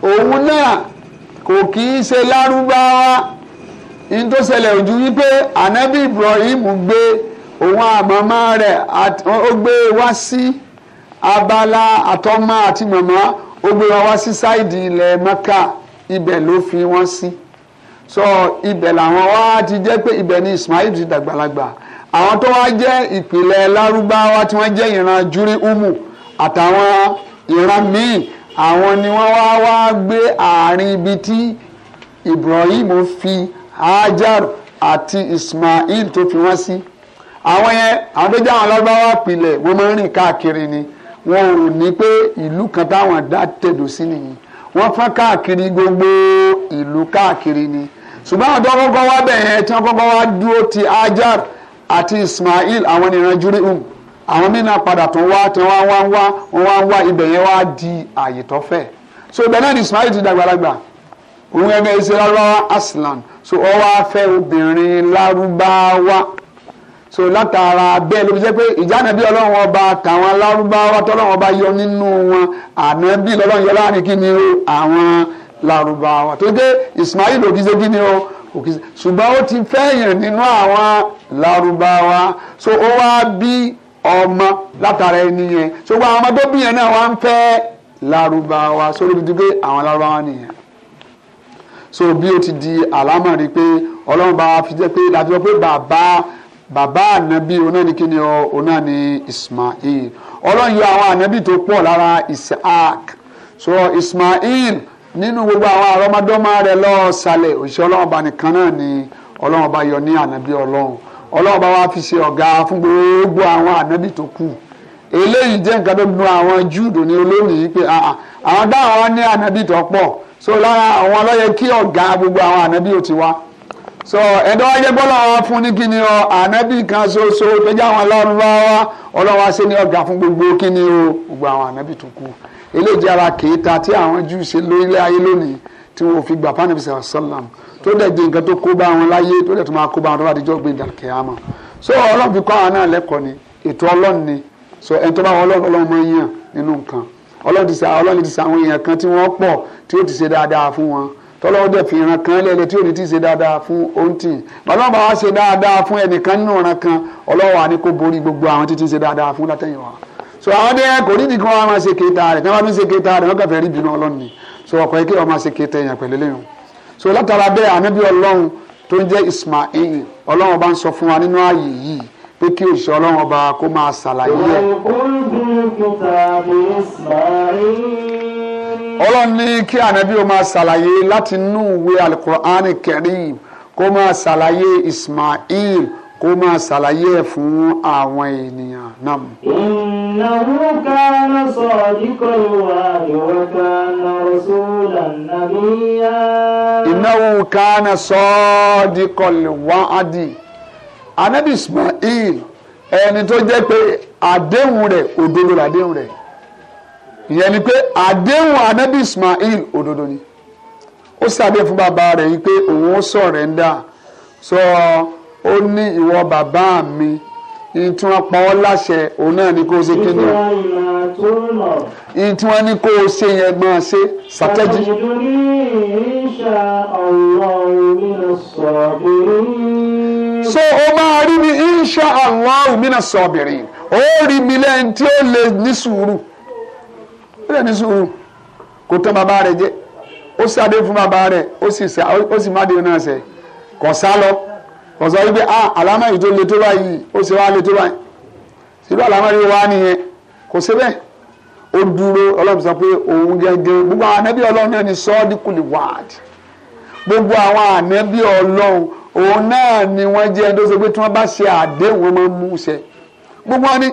òun náà kò kì í ṣe lárúbáwá ní tó ṣẹlẹ̀ ojú wípé ànábì Ibrahim gbé òun àmọ́mọ́ rẹ̀ ó gbé wá sí abala àtọ́mọ́ àti mọ̀mọ́ ó gbé wá wá sí sáìdì ilẹ̀ Mẹ́kà ibẹ̀ ló fi wọ́n sí so ibẹ̀ làwọn wá ti jẹ́ pé ibẹ̀ ni Ismail ti dàgbàlagbà àwọn tó wá jẹ́ ìpìlẹ̀ lárúbáwá tí wọ́n jẹ́ ìran júrí umu àtàwọn ìran míì àwọn ni wọ́n wá wá gbé àárín ibi tí Ibrahim fi Hajar àti Ismail tó fi wọ́n sí àwọn yẹn àwọn tó jẹ́ àwọn lárúbáwá pìlẹ̀ wọ́n máa ń rìn káàkiri ni wọn ò ní pé ìlú kan táwọn dá tẹ̀dọ̀ sí nìyí wọ́n fọ́n káàkiri gbogbo ìlú káàkiri ni ṣùgbọ́n àwọn tó kọ́kọ́ wá bẹ̀ yẹn tí wọ́n kọ́kọ́ wá dúró ti Hajar àti Ismail àwọn ni ìran júrìhùn àwọn mìíràn padà tó wá tí wọ́n wá ń wá wọ́n wá ń wá ibẹ̀ yẹn wá di àyè tó fẹ̀ so ibẹ̀ náà ni Ismail ti dàgbàlagbà òun ẹgbẹ́ iṣẹ́ aslan so ọ wá fẹ́ obìnrin lárúbáwá so látara bẹ́ẹ̀ ló fi jẹ́ pé ìjànàbí ọlọ́run ọba tàwọn alárúbáwá tọ́lọ́run ọba yọ nínú wọn ànábì lọ́lọ́run yọ láàrin kí ni o àwọn lárúbáwá tó dé Ismail òkìṣe kí ni o òkè ṣùgbọ́n ó ti fẹ́yàn nínú àwọn Lárúbáwá so ó wá bí ọmọ látara ẹni yẹn so gbogbo àwọn ọmọ tó bí yẹn náà wá ń fẹ́ Lárúbáwá so ló fi di pé àwọn Lárúbáwá nìyẹn so bí ó ti di àlámọ̀rí pé Ọlọ́run bá fi jẹ́ pé láti sọ pé bàbá bàbá ànábì ọ̀nà ni kíni ọ ọ̀nà ni Ismail Ọlọ́run yọ àwọn ànábì tó pọ̀ lára Isaac so Ismail nínú gbogbo àwọn àrọ́mọdọ́mọ rẹ̀ lọ́ọ̀sálẹ̀ òṣìṣẹ́ ọlọ́run ọba nìkan náà ni ọlọ́run ọba yọ ní ànábì ọlọ́run ọlọ́run ọba wa fi ṣe ọ̀gá fún gbogbo àwọn ànábì tó kù eléyìí jẹ́ nǹkan tó nu àwọn júùdù ní olónìí pé àwọn dáhùn wọn ní ànábì tó pọ̀ so lára àwọn ọlọ́yẹ kí ọ̀gá gbogbo àwọn ànábì ò ti wá so ẹ̀dọ́ wáyé bọ́lá wa fún ní kíni o ànábì kan ṣoṣo tó jẹ́ àwọn ọlọ́run lọ́wọ́ ọlọ́run wa ṣe ní ọ̀gá fún gbogbo kíni o gbogbo àwọn ànábì tó kù eléyìí jẹ́ ara kèéta tí àwọn Júù ṣe lórílẹ̀ ayé lónìí tí wọn ò fi gbà fáwọn ẹbí sàlám tó dẹ̀ di nǹkan tó kó bá wọn láyé tó dẹ̀ tó máa kó bá wọn tó bá di jọ́gbìn dàkẹ́ àmọ́ so ọlọ́run fi kọ́ àwọn náà lẹ́kọ̀ọ́ ni ètò ọlọ́run ni so ẹni tó bá wọn ọlọ́run ọlọ́run máa ń yàn nínú nǹkan ọlọ́run ti sa ọlọ́run ti sa àwọn èèyàn kan tí wọ́n pọ̀ tí ó ti ṣe dáadáa fún wọn tọ́lọ́wọ́ dẹ̀ fi ìran kan lẹ́lẹ́ tí ò ní ti ṣe dáadáa fún oúntì ọlọ́run bá wá ṣe dáadáa fún ẹnìkan nínú ìran kan ọlọ́run wa ni kó borí gbogbo àwọn tí ti ṣe dáadáa fún látẹ̀yìnwá so àwọn dẹ kò ní nìkan wọn máa ṣe kéta rẹ káwọn bí ṣe kéta rẹ wọn kẹfẹ rí bínú Ọlọ́run ni so ọkọ yìí kí wọn máa ṣe kéta yẹn pẹ̀lú lẹ́yìn so látara bẹ́ẹ̀ ànábì Ọlọ́run tó ń jẹ́ Ismail Ọlọ́run ọba ń sọ fún wa nínú ààyè yìí pé kí òṣìṣẹ́ Ọlọ́run ọba kó máa ṣàlàyé ẹ̀. Ọlọ́run ní kí ànábì ó máa ṣàlàyé láti inú ìwé Al-Qur'an Karim kó máa ṣàlàyé Ismail kó máa ṣàlàyé ẹ̀ fún àwọn ènìyàn náà. ìnáwó kan sọ ọdíkọ̀ wà ìwọ kan rọ̀ṣúlà nàbíyá. ìnáwó kan sọ ọdíkọ̀ wà ádì anabi Ismail ẹni tó jẹ́ pé àdéhùn rẹ̀ òdodo làdéhùn rẹ̀ ìyẹn ni pé àdéhùn anabi Ismail òdodo ni ó sì fún bàbá rẹ̀ yìí pé òun ó sọ̀rẹ́ńdà sọ. So, ó ní ìwọ bàbá mi ìyìn tí wọ́n pa ọ́ láṣẹ òun náà ni kó o ṣe kí ni ìyìn tí wọ́n ní kó o ṣe yẹn máa ṣe ṣàtẹ́jì. so o máa rí mi insha Allah mina sabirin ó rí mi lẹ́yìn tí ó lè ní sùúrù ó lè ní sùúrù kò tán bàbá rẹ̀ jẹ́ ó sì adé fún bàbá rẹ̀ ó sì má dé náà sẹ́ kọ̀ sá lọ kò sọ wípé ah àlámà yìí tó le tó báyìí ó sì wá le tó báyìí síbí àlámà yìí wá nìyẹn kò sí ó dúró ọlọ́run sọ pé òun gẹ́gẹ́ gbogbo àwọn ànábì ọlọ́run náà ni sọ́ọ́dínkùlì wáàdì gbogbo àwọn ànábì ọlọ́run òun náà ni wọ́n jẹ́ ẹni tó sọ pé tí wọ́n bá ṣe àdéhùn wọn máa ń mú ṣẹ gbogbo wọn ni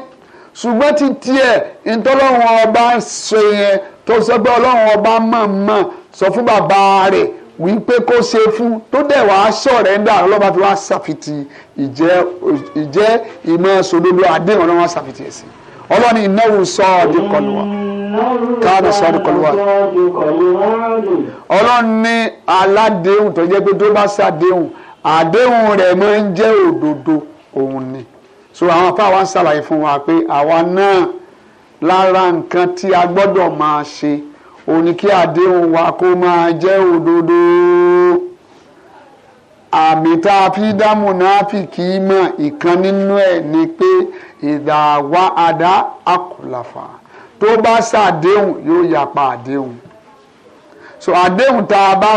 ṣùgbọ́n ti tiẹ̀ ntọ́lọ́run ọba ṣe yẹn tó sọ pé ọlọ́run ọba mọ̀ọ́mọ̀ sọ fún bàbá rẹ̀ wípé kó ṣe fún tó dẹ̀ wá sọ̀rẹ́ńdà ọlọ́ba fi wá ṣàfitì ìjẹ́ ìjẹ́ ìmọ̀ sòdodo àdéhùn ọlọ́run wá ṣàfitì ẹ̀ sí ọlọ́ni ìnáwó sọ́ọ̀dì kọlù wa káàdì sọ́ọ̀dì kọlù wa ọlọ́run ní aládéhùn tó jẹ́ pé tó bá ṣàdéhùn àdéhùn rẹ̀ máa ń jẹ́ òdodo òun ni so àwọn apá wa ń ṣàlàyé fún wa pé àwa náà lára nǹkan tí a gbọ́dọ̀ máa ṣe òun ni kí àdéhùn wa kó máa jẹ́ òdodo àmì tá a fi dámù náà fi kì í mọ̀ ìkan nínú ẹ̀ ni pé ìdàwá adá akọlàfà tó bá ṣàdéhùn yóò yapa àdéhùn so àdéhùn tá a bá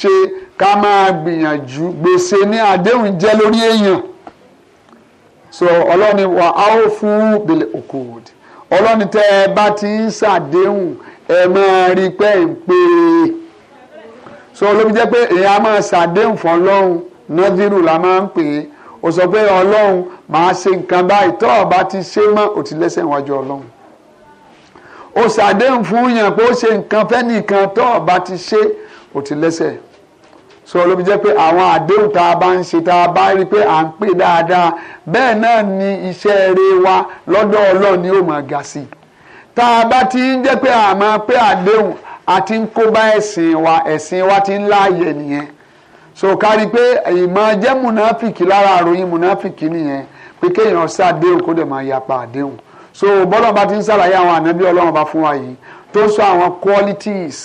ṣe ká máa gbìyànjú gbèsè ní àdéhùn jẹ́ lórí èèyàn so ọlọ́ni wà á ó fún bèlè òkòòdì ọlọ́ni tẹ́ ẹ bá ti ń ṣàdéhùn ẹ máa rí pé ń pè é so ló fi jẹ́ pé èèyàn á máa ṣàdéhùn fún ọlọ́run nọ́dírù la máa ń pè é ó sọ pé ọlọ́run màá ṣe nǹkan báyìí tó o bá ti ṣe mọ́ ò ti lẹ́sẹ̀ wájú ọlọ́run ó ṣàdéhùn fún yàn pé ó ṣe nǹkan fẹ́nìkan tó o ti ṣe ò ti lẹ́sẹ̀ so ló fi jẹ́ pé àwọn àdéhùn tá a bá ń ṣe tá a bá rí pé à ń pè dáadáa bẹ́ẹ̀ náà ni iṣẹ́ rere wa lọ́dọ̀ ọlọ́run ni ó máa ga sí i tá a bá ti ń jẹ́ pé àmọ́ pé àdéhùn àti ń kóbá ẹ̀sìn wa ẹ̀sìn wa ti ń láàyè nìyẹn so kárí pé ìmọ̀ jẹ́ mùnáfìkì lára àròyìn mùnáfìkì nìyẹn pé kéèyàn ṣàdéhùn kó dẹ̀ máa yapa àdéhùn so bọ́lá bá ti ń ṣàlàyé àwọn ànábí ọlọ́run bá fún wa yìí tó sọ àwọn qualities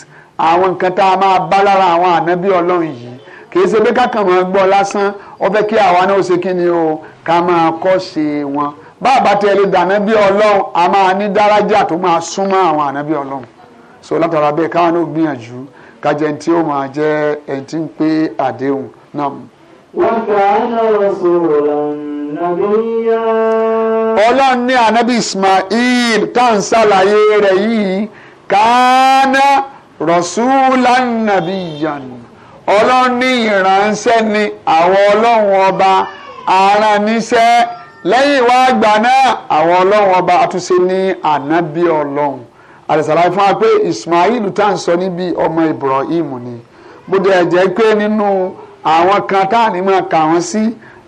àwọn nǹkan tá a máa bá lára àwọn ànábí ọlọ́run yìí kì í ṣe pé kákan máa gbọ́ lásán ó fẹ́ kí àwa náà ó ṣe kí ni o ká máa kọ́ ṣe wọn bàbá tí ẹ lè dà nábì ọlọ́run a máa ní dárájà tó máa súnmọ́ àwọn ànábì ọlọ́run so látara bẹ́ẹ̀ káwọn náà gbìyànjú kájẹ ẹni tí ó máa jẹ́ ẹni tí ń pé àdéhùn náà. wọ́n kà á náà sọ̀rọ̀ nàbíyá. ọlọ́run ní ànábì Ismail tá ṣàlàyé rẹ̀ yìí kàánà rọ̀ṣúlan nàbíyàn ní ìránṣẹ́ ni àwọn ọlọ́run ọba ara níṣẹ́ lẹ́yìn wá gbà náà àwọn ọlọ́run ọba àtúnṣe ní ànábì ọlọ́run àdìsàlàyé fún wa pé Ismail tá à ń sọ níbi ọmọ Ibrahim ni bó dẹ̀ jẹ́ pé nínú àwọn kan tá à ní máa kà wọ́n sí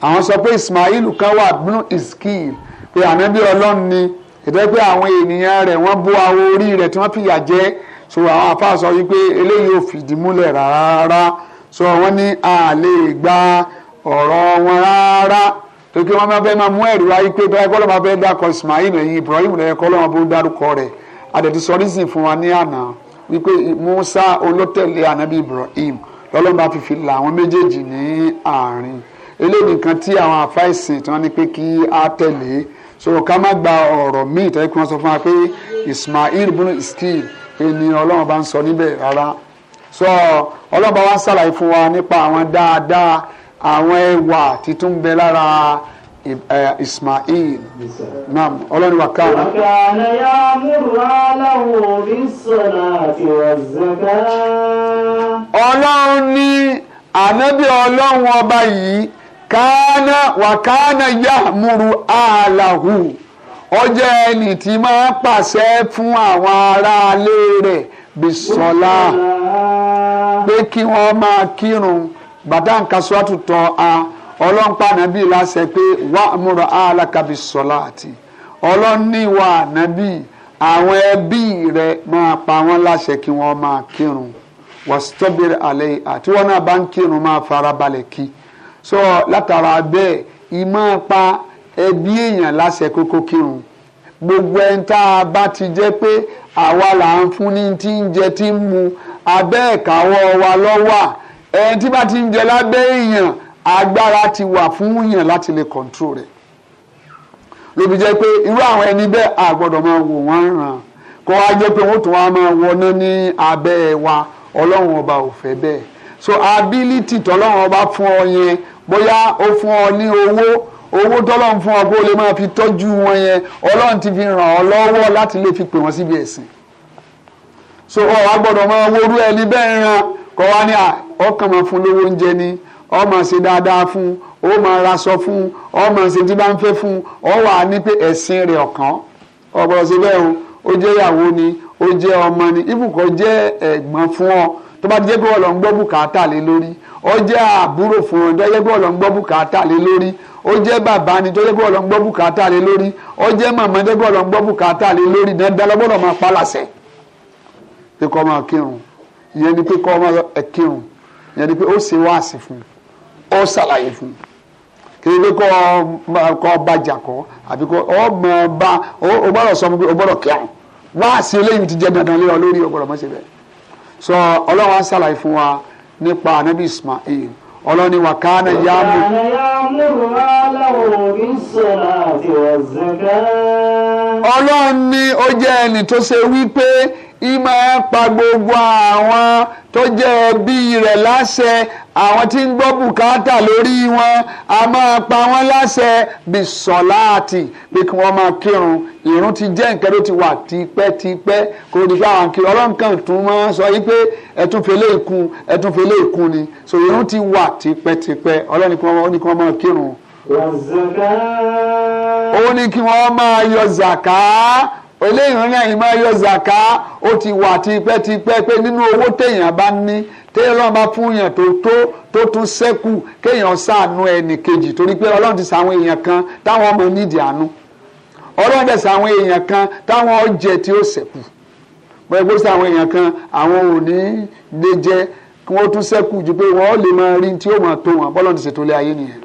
àwọn sọ pé Ismail kan wà nínú iskil pé ànábì ọlọ́run ni ìtọ́ pé àwọn ènìyàn rẹ̀ wọ́n bó awo orí rẹ̀ tí wọ́n fìyà jẹ so àwọn àfáà sọ wípé eléyìí ò fìdí múlẹ̀ rárá so wọ́n ní a gba ọ̀rọ̀ wọn rárá torí pé wọ́n máa fẹ́ máa mú ẹ̀rí wáyé pé bẹ́ẹ̀ kọ́ ló máa Ismail ẹ̀yìn Ibrahim lẹ́yìn kọ́ ló máa fún dárúkọ rẹ̀ àdẹ̀tí sọ́rísìn fún wa ní àná wípé Musa olótẹ̀lé anabi Ibrahim lọ́lọ́mọba fìfì là àwọn méjèèjì ní àárín eléyìí nìkan tí àwọn àfáìsìn tí wọ́n ní pé kí á tẹ̀lé sọ̀rọ̀ ká má gba ọ̀rọ̀ míì tẹ́lẹ̀ kí wọ́n sọ fún wa pé Ismail bunu iskil ènìyàn Ọlọ́run bá ń sọ níbẹ̀ rárá sọ Ọlọ́run bá wá ń sàlàyé fún wa nípa àwọn dáadáa àwọn ẹwà títún bẹ lára eh, eh, Ismail naam ọlọ́run wà ká. wàkàlà yà múra aláwọ̀ bí sọ̀nà àti ọ̀zẹ̀ká. ọlọ́run ní ànábì ọlọ́run ọba yìí kánà wàkánà yà múru àlàhù ọjọ́ ẹni tí máa pàṣẹ fún àwọn aráalé rẹ̀ bí sọ̀lá pé kí wọ́n máa kírun gbàtà nǹkan sọ́tù tọ́ a nabi nàbí láṣẹ wa wà múra alákàbí sọ́lá àti ọlọ́níwà nàbí àwọn ẹbí rẹ máa pa wọ́n láṣẹ kí wọ́n máa kírun wàsítọ́bìrì àlẹ́ àti wọ́n náà bá ń kírun máa farabalẹ̀ kí so látara bẹ́ẹ̀ ìmọ̀ pa ẹbí èèyàn láṣẹ kókó kírun gbogbo ẹni tá a bá ti jẹ́ pé àwa là ń fún ní tí ń jẹ tí ń mu abẹ́ wa lọ́wọ́ à ẹni tí bá ti ń jẹ lábẹ́ èèyàn agbára ti wà fún èèyàn láti lè control rẹ̀ lóbi jẹ́ pé irú àwọn ẹni bẹ́ẹ̀ a máa wò wọ́n ràn kó wá jẹ́ pé wọ́n tún wá máa wọná ní abẹ́ wa ọlọ́run ọba ò fẹ́ bẹ́ẹ̀ so ability tọ́lọ́run ọba fún ọ yẹn bóyá ó fún ọ ní owó owó tọ́lọ́run fún ọ kó o lè máa fi tọ́jú wọn yẹn ọlọ́run ti fi ràn ọ lọ́wọ́ láti lè fi pè wọ́n síbi ẹ̀sìn so ọ wá gbọ́dọ̀ máa worú ẹni bẹ́ẹ̀ ràn Ọ wá ní ọkàn máa fún lówó oúnjẹ ni ọ máa ṣe dáadáa fún ó máa raṣọ fún ọ máa ṣe tí bá ń fẹ́ fún ọ wà ní pé ẹ̀sìn rẹ̀ ọ̀kan ọ̀bọ̀rọ̀ ṣe bẹ́ẹ̀ o ó jẹ́ ìyàwó ni ó jẹ́ ọmọ ni ibùkọ́ jẹ́ ẹ̀gbọ́n fún ọ tó bá jẹ́ pé ń gbọ́ bùkátà lé lórí ó jẹ́ àbúrò fún ọ tó jẹ́ pé ń gbọ́ bùkátà lé lórí ó jẹ́ bàbá ni tó jẹ́ pé ń gbọ́ bùkátà lé lórí ìyẹn ni pé kọ́ ọmọ ẹ kírun ìyẹn ni pé ó ṣe wáàsí fún ó ṣàlàyé fún kí ni pé kọ́ ọ bàjà kọ́ àbí kọ́ ọ mọ̀ ọ bá ọ gbọ́dọ̀ sọ fún pé ọ gbọ́dọ̀ kírun wáàsí eléyìí ti jẹ́ dandan lé ọ lórí ọ gbọ́dọ̀ mọ̀ bẹ́ẹ̀ sọ ọlọ́run á ṣàlàyé fún wa nípa anabi Ismail ọlọ́ni wà kánà yá mú. ọlọ́run ni ó jẹ́ ẹni tó ṣe wípé ìmọ̀ ẹ̀ pa gbogbo àwọn tó jẹ́ ẹbí rẹ̀ láṣẹ àwọn tí ń gbọ́ bùkátà lórí wọn a máa pa wọ́n láṣẹ bisọ̀láàtì pé kí wọ́n máa kírun ìrun ti jẹ́ nǹkan tó ti wà tipẹ́tipẹ́ kò ní pé àwọn kiri ọlọ́run kan tún máa sọ yìí pé ẹ̀túnfẹ́lẹ́ ìkun ẹ̀túnfẹ́lẹ́ ìkun ni so ìrun ti wà tipẹ́tipẹ́ ọlọ́run ní kí wọ́n máa kírun. òun ni kí wọ́n máa yọ zàká eléyìí náà ìmọ̀ ayọ̀ zaka ó ti wà tipẹ́tipẹ́ pé nínú owó téèyàn bá ní téèyàn lọ́n bá fún èèyàn tó tó tó tún sẹ́kù kéèyàn ṣàánú ẹnì kejì torí pé ọlọ́run ti sàwọn èèyàn kan táwọn ọmọ onídìí àánú ọlọ́run dẹ̀ sàwọn èèyàn kan táwọn ọjẹ tí ó sẹ́kù bẹ́ẹ̀ bó sàwọn èèyàn kan àwọn ò ní lè jẹ kí wọ́n tún sẹ́kù ju pé wọ́n lè máa rí tí ó máa tó wọn bọ́lọ́run ti ṣètò ilé ayé nìyẹn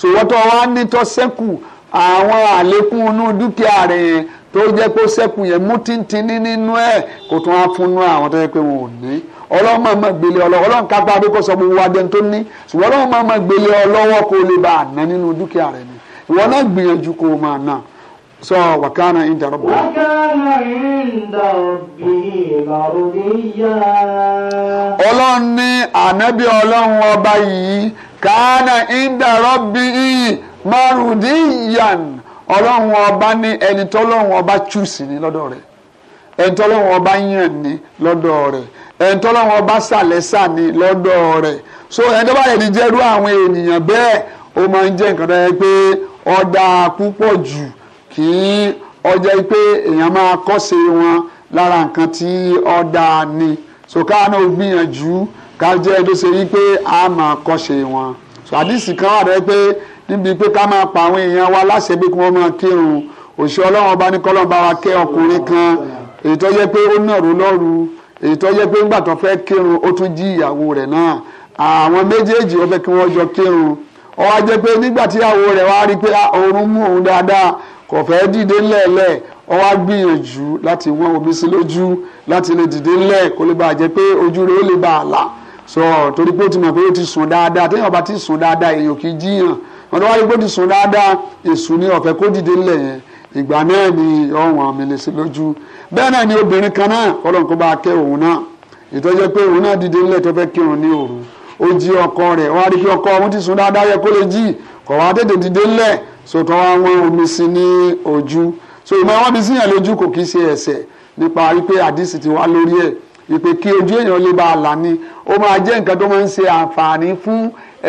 sòwọ́tọ̀ wa ní tọ́sẹ́kù àwọn àlékún inú dúkìá rẹ̀ yẹn tó jẹ́ pé ó sẹ́kù yẹn mú tíntínní nínú ẹ̀ kó tún á fún nú àwọn tó yẹ pé wọn ò ní ọlọ́run máa ma gbélé ọlọ́wọ́ ọlọ́run kápá abẹ́kọ̀ sọ gbogbo adé tó ní ṣùgbọ́n ọlọ́run máa ma gbélé ọlọ́wọ́ kó lè bá àná nínú dúkìá rẹ̀ ni ìwọ náà gbìyànjú kó o máa ná sọ wàkánà ìjà rọ̀bù. wàkánà ìjà rọ̀bì ìbàrúdíyà. ọlọ́run ní ọlọ́run ọba ọlọ́run ọba ní ẹni tọ́lọ́run ọba chúùsì ní lọ́dọ̀ rẹ̀ ẹni tọ́lọ́run ọba yàn ní lọ́dọ̀ rẹ̀ ẹni tọ́lọ́run ọba sàlẹ́sà ní lọ́dọ̀ rẹ̀ so ẹni tó bá yẹ ti jẹ́rú àwọn ènìyàn bẹ́ẹ̀ ó máa ń jẹ́ nǹkan tó yẹ pé ọ̀dà púpọ̀ jù kì kí ọjọ́ pé èèyàn máa kọ́sẹ̀ wọn lára nǹkan tí ọ̀dà ni so káàánú gbìyànjú ká jẹ́ ẹni tó ṣe wípé a máa kọ́sẹ̀ wọn so àdìsí kan wà rẹ pé níbi pé ká máa pa àwọn èèyàn wa láṣẹ bí kí wọ́n máa kírun òṣì ọlọ́run ọba ní kọ́lọ́n bá wa kẹ́ ọkùnrin kan èyí tó yẹ pé ó nàró lọ́rù èyí tó yẹ pé ńgbà tó fẹ́ kírun ó tún jí ìyàwó rẹ̀ náà àwọn méjèèjì ó fẹ́ kí wọ́n jọ kírun ó wá jẹ́ pé nígbà tí ìyàwó rẹ̀ wá rí pé oorun mú òun dáadáa kò fẹ́ dìde lẹ́ẹ̀lẹ́ ó wá gbìyànjú láti wọ́n omi sí lójú láti lè dìde lẹ̀ kó lè bàa jẹ́ pé ojú rẹ̀ ó lè bàa là so torí pé ó ti mọ̀ pé ó ti sùn dáadáa téèyàn bá ti sùn dáadáa èèyàn kì í jíyàn wọn lọ́wọ́ igbó ti sùn dáadáa èṣù ni ọ̀fẹ́ kó dìde ńlẹ̀ yẹn ìgbà náà ni ọ̀hún àmì lè ṣe lójú bẹ́ẹ̀ náà ni obìnrin kan náà ọlọ́run kó bá kẹ́ òun náà ìtọ́jẹ́ pé òun náà dìde ńlẹ̀ tó fẹ́ kírun ní òru ó jí ọkọ rẹ̀ wọ́n á rí pé ọkọ òun ti sùn dáadáa yẹ kó lè jí kọ̀ wá tètè dìde ńlẹ̀ sòtọ́ wá omi sí ní ojú so ìmọ̀ wọn fi síyàn lójú kò kí ṣe ẹ̀ṣẹ̀ nípa wípé àdìsí ti wá lórí ẹ̀ ìpè kí ojú èèyàn lè bá a là ní ó máa jẹ́ nǹkan tó máa ń ṣe àǹfààní fún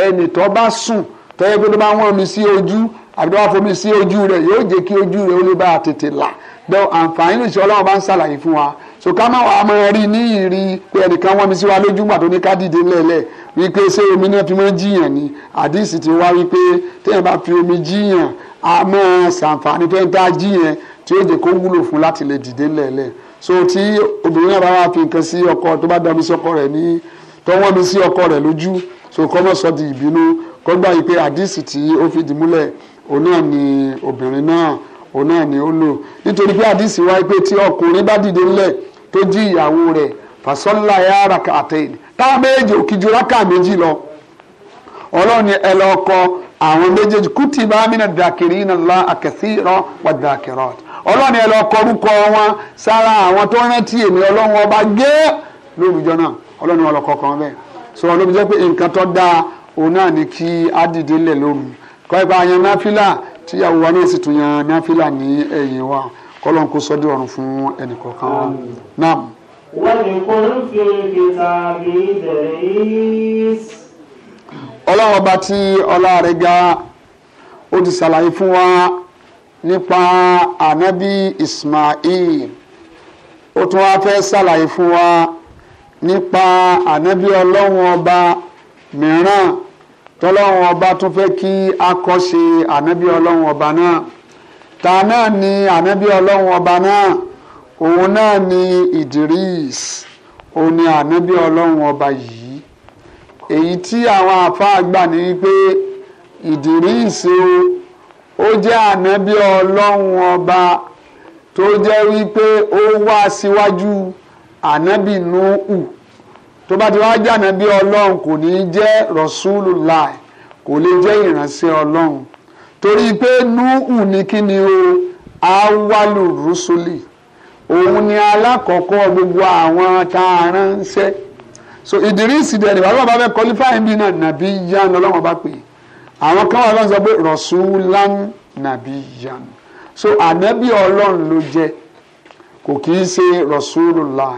ẹnì tó bá sùn tẹ́yẹ pé tó bá wọ́n mi sí ojú àbí tó bá fomi sí ojú rẹ̀ yóò jẹ́ kí ojú rẹ̀ ó lè bá a tètè là dẹ́ àǹfààní nìṣẹ́ ọlọ́run bá ń ṣàlàyé fún wa so ká má wàá máa rí ní ìrí pé ẹnìkan wọ́n mi sí wa lójú gbà tó ní ká dìde lẹ́lẹ̀ wípé ṣé omi náà fi máa jiyàn ni àdìsí ti wá wípé téèyàn bá fi omi jiyàn a máa ṣàǹfààní fẹ́ dá jiyàn tí ó jẹ́ kó wúlò fún láti lè dìde lẹ́lẹ̀ so tí obìnrin náà bá wá fi nǹkan sí ọkọ tó bá dá mi sí ọkọ rẹ̀ ní tọ́wọ́n mi sí ọkọ rẹ̀ lójú so kọ́ mọ̀ sọ́ di ìbínú kó gbà yìí pé àdìsí tí ó fi dì òun náà ni obìnrin náà òun náà ni ó lò nítorí pé àdìsí wáyé pé tí ọkùnrin bá dìde ńlẹ̀ tó jí ìyàwó rẹ̀ fàṣọ́lá yàrá àtẹ̀yìn táwọn méjèèjì ò kí ju rákà méjì lọ ọlọ́run ni ẹ lọ kọ àwọn méjèèjì kùtì bá mí náà dàkìrì iná lọ àkẹ́sí rọ wà dàkìrọ̀ ọlọ́run ni ẹ lọ kọ orúkọ wọn sára àwọn tó rántí èmi ọlọ́run ọba gé lórúkọ náà ọlọ́run ọlọ́kọ̀ọ̀kan bẹ́ẹ̀ sọ ọlọ́run jẹ́ pé nǹkan tó dáa òun náà ni kí á dìde lẹ̀ lóru kọ́ ipa yan náfìlà tíyàwó wa náà sì tún yan náfìlà ní ẹ̀yìn wa kọ́lọ́n kó sọ́dọ̀ ọ̀run fún ẹnìkọ̀ọ̀kan wa náà. wọ́n ní kò ń fi kìtà bí dẹ̀rẹ́s. ọlọ́run ọba tí ọlá rẹ̀ ga ó ti ṣàlàyé fún wa nípa ànábì Ismail ó tún wá fẹ́ ṣàlàyé fún wa nípa ànábì ọlọ́run ọba mìíràn tọ́lọ́run ọba tún fẹ́ kí akọ́ṣe ànábì ọlọ́run ọba náà ta náà ni ànábì ọlọ́run ọba náà òun náà ni Idris òun ni ànábì ọlọ́run ọba yìí èyí tí àwọn àfáà gbà ní pé Idris o ó jẹ́ ànábì ọlọ́run ọba tó jẹ́ wípé ó wá síwájú ànábì Nuhu. No tó bá ti wá jànà bí ọlọ́run kò ní í jẹ́ Rasulullah kò lè jẹ́ ìránṣẹ́ ọlọ́run torí pé núhù ní kí o awalu rusuli òun ni alákọ̀ọ́kọ́ gbogbo àwọn tá a ránṣẹ́ so Ìdírísì dẹ̀rẹ̀ bàbá bàbá bẹ́ẹ̀ kọlífáì bí náà nàbí yan ọlọ́run bá pè àwọn kan wà lọ́n sọ pé rasulan nàbí yan so ànábì ọlọ́run ló jẹ́ kò kì í ṣe Rasulullah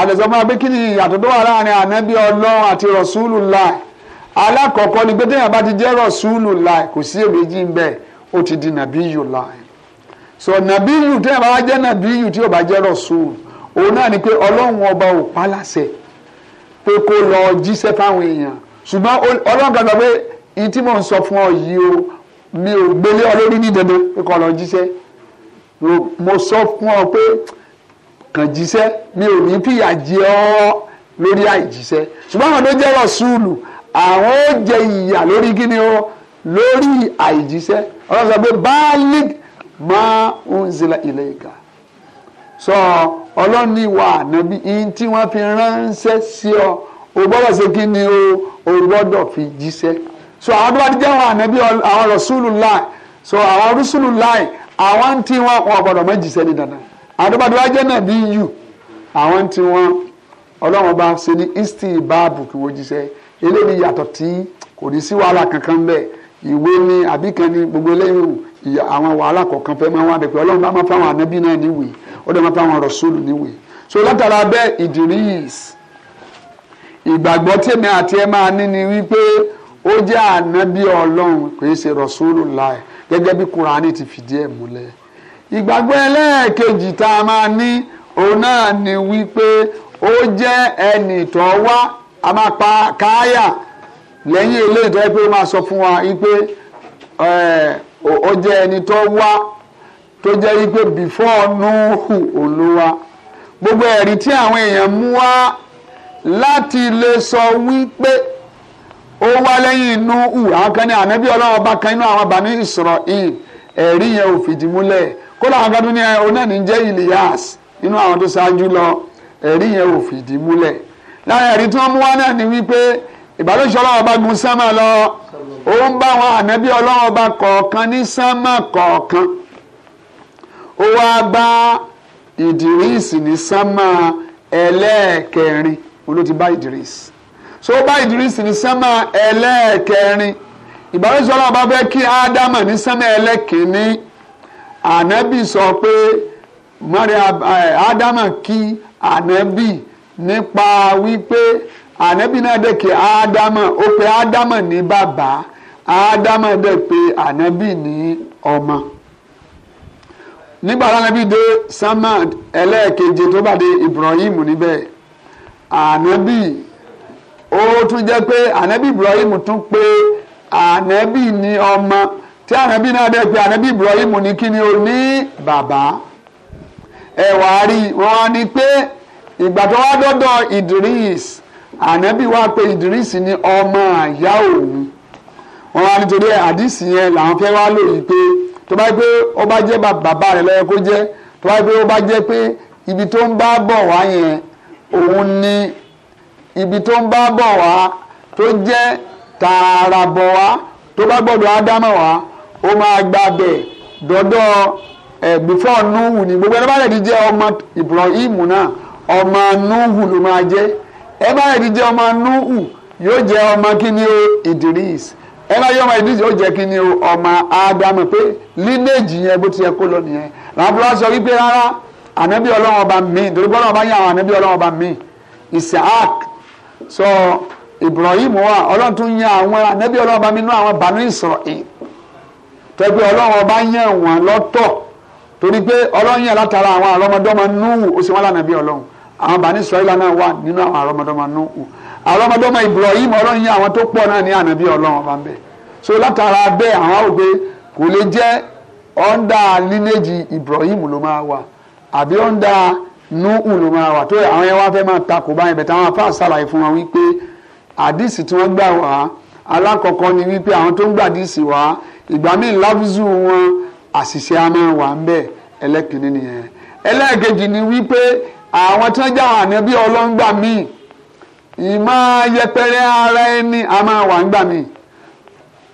àtẹ̀sọ́ fún wa pé kí ni ìyàtọ̀ tó wà láàrin ànábì ọlọ́run àti rọ̀ṣúlù láì alákọ̀ọ́kọ́ ni pé téèyàn bá ti jẹ́ rọ̀ṣúlù láì kò sí èméjì ń bẹ̀ ó ti di nàbíyù láì so nàbíyù téèyàn bá jẹ́ nàbíyù tí ò bá jẹ́ rọ̀ṣúlù òun náà ni pé ọlọ́run ọba ò pa láṣẹ pé kó lọ jíṣẹ́ fáwọn èèyàn ṣùgbọ́n ọlọ́run kan sọ pé ìyí tí mò ń sọ fún ọ yìí o mi ò gbélé ọ lórí ní dandan pé kó lọ jíṣẹ́ mo sọ fún ọ pé kàn jíṣẹ́ mi ò ní fìyà jẹ ọ́ lórí àìjíṣẹ́ ṣùgbọ́n àwọn tó jẹ́ rọ̀ṣúùlù àwọn ó jẹ ìyà lórí kíni o lórí àìjíṣẹ́ ọlọ́run sọ pé báálí máa ń zila ilé ìka sọ ọlọ́run ní ìwà ànábì ihun tí wọ́n fi ránṣẹ́ sí ọ o gbọ́dọ̀ ṣe kíni o o gbọ́dọ̀ fi jíṣẹ́ so àwọn tó bá ti jẹ́ àwọn ànábì àwọn rọ̀ṣúùlù láì so àwọn rọ̀ṣúùlù láì àwọn tí wọ́n wọn gbọ́dọ̀ mọ́ jíṣẹ́ ní dandan àdúgbàdúrà jẹ́ náà bí yù àwọn tí wọ́n ọlọ́run bá ṣe ní isti báàbù kí wọ́n jíṣẹ́ eléyìí yàtọ̀ tí kò ní sí wàhálà kankan bẹ́ẹ̀ ìwé ni àbí kan ní gbogbo eléyìí ìyá àwọn wàhálà kọ̀ọ̀kan fẹ́ máa wá dé pé ọlọ́run bá máa fáwọn ànábì náà níwèé ó máa fáwọn rọ̀ṣọ́lù níwèé so látara bẹ́ẹ̀ Idris ìgbàgbọ́ tèmi àti ẹ máa ní ni wípé ó jẹ́ ànábì ọlọ́run kì í ṣe rọ̀ṣọ́lù láì gẹ́gẹ́ bí Kùránì ti fìdí ẹ̀ múlẹ̀ ìgbàgbọ́ ẹlẹ́ẹ̀kejì tá a máa ní òun náà ni wípé ó jẹ́ ẹnì tó wá a máa pa káyà lẹ́yìn eléyìí tó yẹ pé ó máa sọ fún wa wípé ó jẹ́ ẹni tó wá tó jẹ́ wípé before Nuhu olúwa gbogbo ẹ̀rí tí àwọn èèyàn mú wá láti lè sọ wípé ó wá lẹ́yìn Nuhu àwọn kan ní ànábì ọlọ́run ọba kan inú àwọn Bani Israel ẹ̀rí yẹn ò fìdí múlẹ̀ kódà àwọn kan tún ní òun náà ní jẹ́ Ilyas nínú àwọn tó ṣáájú lọ ẹ̀rí yẹn ò fìdí múlẹ̀ lára ẹ̀rí tí wọ́n mú wá náà ni wípé ìbálòṣọ́ ọlọ́wọ́ bá gun sánmà lọ ó ń bá àwọn ànábì ọlọ́wọ́ bá kọ̀ọ̀kan ní sánmà kọ̀ọ̀kan ó wá bá Ìdírísì ní sánmà ẹlẹ́ẹ̀kẹrin olú ti bá Ìdírísì so ó bá Ìdírísì ní sánmà ẹlẹ́ẹ̀kẹrin ìbálòṣọ́ ọlọ́wọ́ bá fẹ́ kí Ádámà ní sánmà ẹlẹ́kìnní ànábì sọ pé Mariam ádámà kí ànábì nípa wípé ànábì náà dẹ̀ kí ádámà ó pe ádámà ní bàbá ádámà dẹ̀ pe ànábì ní ọmọ nígbà tánábì dé samad ẹlẹ́ẹ̀keje tó bá dé Ibrahim níbẹ̀ ànábì ó tún jẹ́ pé ànábì Ibrahim tún pé ànábì ní ọmọ tí ànábì náà dẹ́ pé ànábì Ibrahim ní kí ni o ní bàbá ẹ wà á rí wọn á pé ìgbà tó wá dọ́dọ̀ Idris ànábì wá pé Idris ní ọmọ àyá òun wọn á nítorí àdìsí yẹn làwọn fẹ́ wá lò yìí pé tó bá pé ó bá jẹ́ bàbá rẹ̀ lọ́yẹ kó jẹ́ tó bá pé ó bá jẹ́ pé ibi tó ń bá bọ̀ wá yẹn òun ni ibi tó ń bá bọ̀ wá tó jẹ́ tààrà wá tó bá gbọ́dọ̀ ádámọ̀ wá ó máa gba bẹ̀ dọ́dọ̀ ẹ̀gbìfọ́ eh, nuhu ni gbogbo ẹni bá rẹ̀ ti jẹ́ ọmọ Ibrahim náà ọmọ nuhu ló máa jẹ́ ẹ bá rẹ̀ ti ọmọ nuhu yóò jẹ́ ọmọ kíni o Idris ẹ bá yọ ọmọ Idris yóò jẹ́ kíni o ọmọ Ádámù pé lineage yẹn bó ti yẹ kó lọ nìyẹn làwọn fúlọ́ sọ wípé rárá ànábì ọlọ́run ọba mi torí bọ́lá ọba yẹn ànábì ọlọ́run ọba mi Isaac sọ Ibrahim wa ọlọ́run tún yẹn àwọn ànábì ọlọ́run ọba mi nú àwọn Banu Israel tẹ́gbẹ́ ọlọ́run ọba yàn wọ́n lọ́tọ̀ torí pé ọlọ́run yàn látara àwọn àrọ́mọdọ́mọ núhù ó sì wọ́n lànà bí ọlọ́run àwọn bàní sọ́ọ́lá náà wà nínú àwọn àrọ́mọdọ́mọ núhù àrọ́mọdọ́mọ Ibrahim ọlọ́run yàn àwọn tó pọ̀ náà ní ànàbí ọlọ́run ọba ń bẹ̀ so látara bẹ́ẹ̀ àwọn àwògbé kò lè jẹ́ ọ̀ndà lineage Ibrahim ló máa wà àbí ọ̀ndà núhù ló máa wà tó àwọn yẹn wá fẹ́ máa takò báyìí bẹ̀tẹ̀ àwọn afáà sàlàyé fún wọn wípé àdìsí tí wọ́n gbà wá alákọ̀ọ́kọ́ ni wípé àwọn tó ń gbàdìsí wá ìgbà míì láfíìsù wọn àṣìṣe a máa wà ń bẹ̀ ẹlẹ́kìnní nìyẹn ẹlẹ́ẹ̀kejì ni wípé àwọn tí wọ́n já àwọn ànábí ọlọ́ngbà míì ìmọ̀ yẹpẹrẹ ara ẹni a máa wà ń gbà míì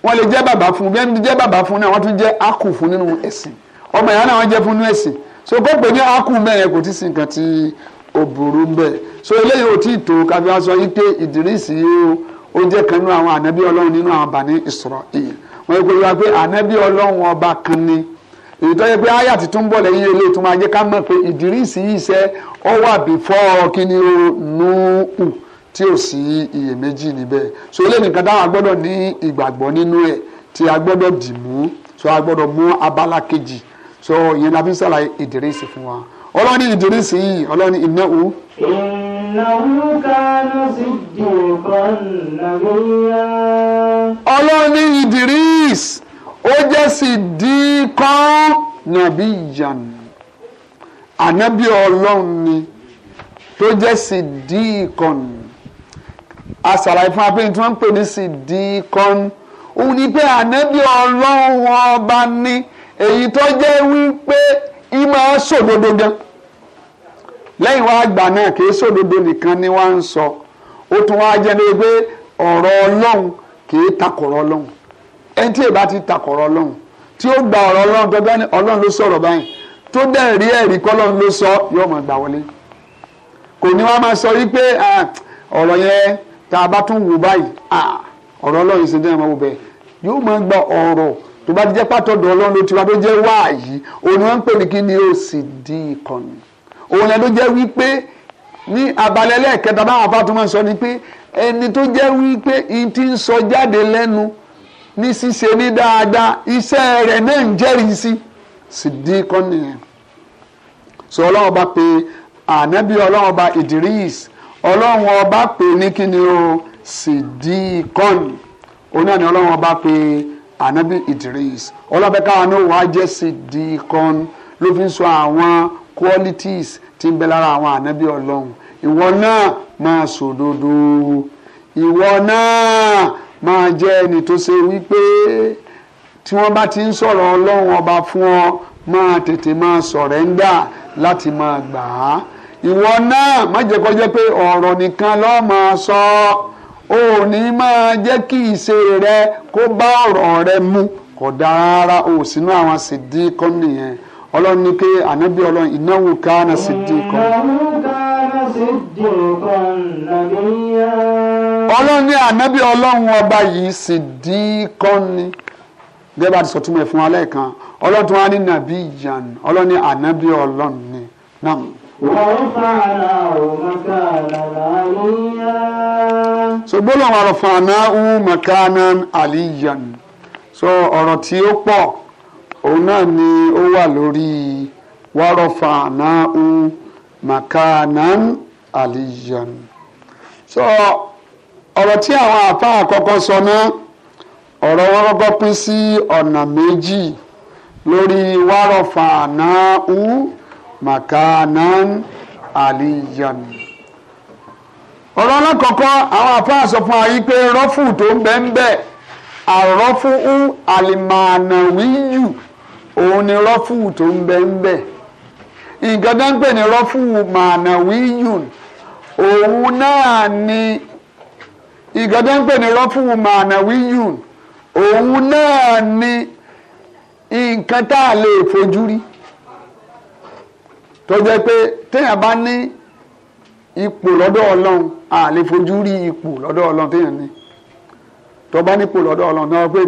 wọ́n lè jẹ́ bàbá fún bí ẹni jẹ́ bàbá fún náà wọ́n tún jẹ́ akù fún nínú ẹ̀sìn ọmọ ìyá náà wọ́n jẹ́ fún nínú ẹ̀sìn so kó pè ní akù mẹ́rin kò tí sí nǹkan tí ó burú bẹ́ẹ̀ so eléyìí ò tí ì tó kábíyá sọ yìí pé Ìdírísì yìí ó jẹ́ kan nínú àwọn ànábí ọlọ́run nínú àwọn Bani Israel wọ́n gbé wa pé ànábì ọlọ́run ọba kan ni èyí tó yẹ pé aya ti tún bọ̀ lẹ́yìn eléyìí tó máa jẹ́ ká mọ̀ pé ìdírísì yìí ọ wà before kíni o nùhù tí ò sí iyèméjì níbẹ̀ so eléyìí nìkan táwọn agbọ́dọ̀ ní ìgbàgbọ́ nínú ẹ̀ tí a dì mú so a gbọ́dọ̀ mú abala kejì so ìyẹn la fi ń sàlàyé ìdírísì fún wa ọlọ́ni ìdírísì yìí ọlọ́ni ìnáwó. إنه كان صديقا نبيا ọlọ́ni Idris ó jẹ́ siddiqan nabiyan ànábì ọlọ́run ni tó jẹ́ siddiqan àṣàlàyé fún apẹ́yìn tí wọ́n ń pè ní siddiqan òun ni pé ànábì ọlọ́run ọba ni èyí tó jẹ́ wípé ìmọ̀ sòdodo gan-an lẹ́yìn wá àgbà náà kì í sòdodo nìkan ni wọ́n ń sọ ó tún wá jẹ́ lórí pé ọ̀rọ̀ ọlọ́run kì í takọ̀rọ̀ ọlọ́run ẹni tí èèbá ti takọ̀rọ̀ ọlọ́run tí ó gba ọ̀rọ̀ ọlọ́run tó dání ọlọ́run ló sọ̀rọ̀ báyìí tó dẹ̀ rí ẹ̀rí kọ́lọ́run ló sọ yóò máa gbà wọlé kò ní wọ́n máa sọ yí pé ọ̀rọ̀ yẹn tá a bá tún wò báyìí ọ̀rọ̀ ọlọ́run ṣe dẹ́rẹ́ máa wò bẹ́ẹ̀ yóò máa gba ọ̀rọ̀ ni wọ́n ń òun yẹn ló jẹ́ wípé ní abalẹ̀ lẹ́ẹ̀kẹta báwọn afáàtúmọ̀ sọ ni pé ẹni tó jẹ́ wípé n ti ń sọ jáde lẹ́nu ní ṣíṣe ní dáadáa iṣẹ́ rẹ̀ náà ń jẹ́rìí sí sídìkọ́ nìyẹn sọ ọlọ́run bá pe ànábì ọlọ́run bá Idris ọlọ́run ọba pè ní kíni o sídìkọ́n oní àná ọlọ́run ọba pè ànábì Idris ọlọ́run bẹ́ẹ̀ káwọn náà wàá jẹ́ sídìkọ́n ló fi ń sọ àwọn qualities tí ń bẹ lára àwọn ànábì ọlọ́run ìwọ náà máa sòdodo ìwọ náà máa jẹ́ ẹni tó ṣe wípé tí wọ́n bá ti ń sọ̀rọ̀ ọlọ́run ọba fún ọ máa tètè máa sọ̀rẹ́ńdà láti máa gbà á ìwọ náà má jẹ́ kó jẹ́ pé ọ̀rọ̀ nìkan ló máa sọ ò ní máa jẹ́ kí ìṣe rẹ kó bá ọ̀rọ̀ rẹ mu kò dára o sínú àwọn sì dín kọ́ nìyẹn ọlọ́run ní pé ànábì ọlọ́run ìnáwó kánà sí di kan. ọlọ́run ní ànábì ọlọ́run ọba yìí sì di kan ni gẹ́gẹ́ bá ti sọ túmọ̀ ẹ̀ fún alẹ́ kan ọlọ́run tó wá ní nàbí ìyàn ọlọ́run ní ànábì ọlọ́run ni náà. So gbólóhùn àròfààná ń mọ̀kánà àlìyàn so ọ̀rọ̀ tí ó pọ̀. òun náà ni ó wà lórí wárọ̀fà náà makanan aliyan so ọ̀rọ̀ tí àwọn àfa àkọ́kọ́ sọ náà ọ̀rọ̀ wọn kọ́kọ́ pín sí ọ̀nà méjì lórí wárọ̀fà náà makanan aliyan ọ̀rọ̀ alákọ̀ọ́kọ́ àwọn àfa sọ fún pé rọ́fù tó òun ni rọ́fù tó ń bẹ ń bẹ nǹkan tó ń pè ni nǹkan tó ń pè ní rọ́fù mànàwíyùn òun ni nǹkan tá a lè fojú rí tó jẹ́ pé téèyàn bá ní ipò lọ́dọ̀ ọlọ́run a lè fojú rí ipò lọ́dọ̀ ọlọ́run téèyàn ní tó bá lọ́dọ̀ ọlọ́run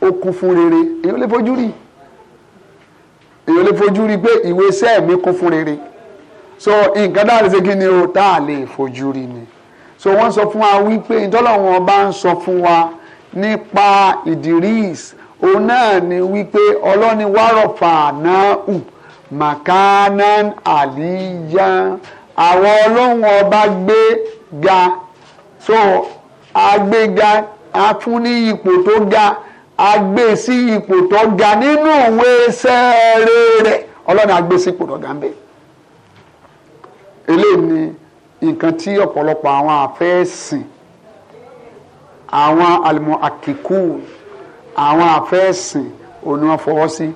ó kún fún rere èyí ò lè fojú rí èyí ò lè fojú rí pé ìwé iṣẹ́ mi kún fún rere so nǹkan dáa lè ṣe kí ni o tá a lè fojú rí ni so wọ́n sọ fún wa wípé ìtọ́lọ́wọ́n bá ń sọ fún wa nípa Ìdírísì òun náà ni wípé ọlọ́ni wárọ̀fà náà hù màkánán àlíyá àwọn ọlọ́run ọba gbé ga so agbéga afúní ipò tó ga. So, agbé sí ipò tó ga nínú ìwé sẹ́ẹ̀rẹ́ rẹ̀ ọlọ́run agbé sí ipò tó ga ń bẹ̀. eléyìí ni nǹkan tí ọ̀pọ̀lọpọ̀ àwọn àfẹ́sìn àwọn àlùmọ̀ àkìkù àwọn àfẹ́sìn òní wọn fọwọ́ sí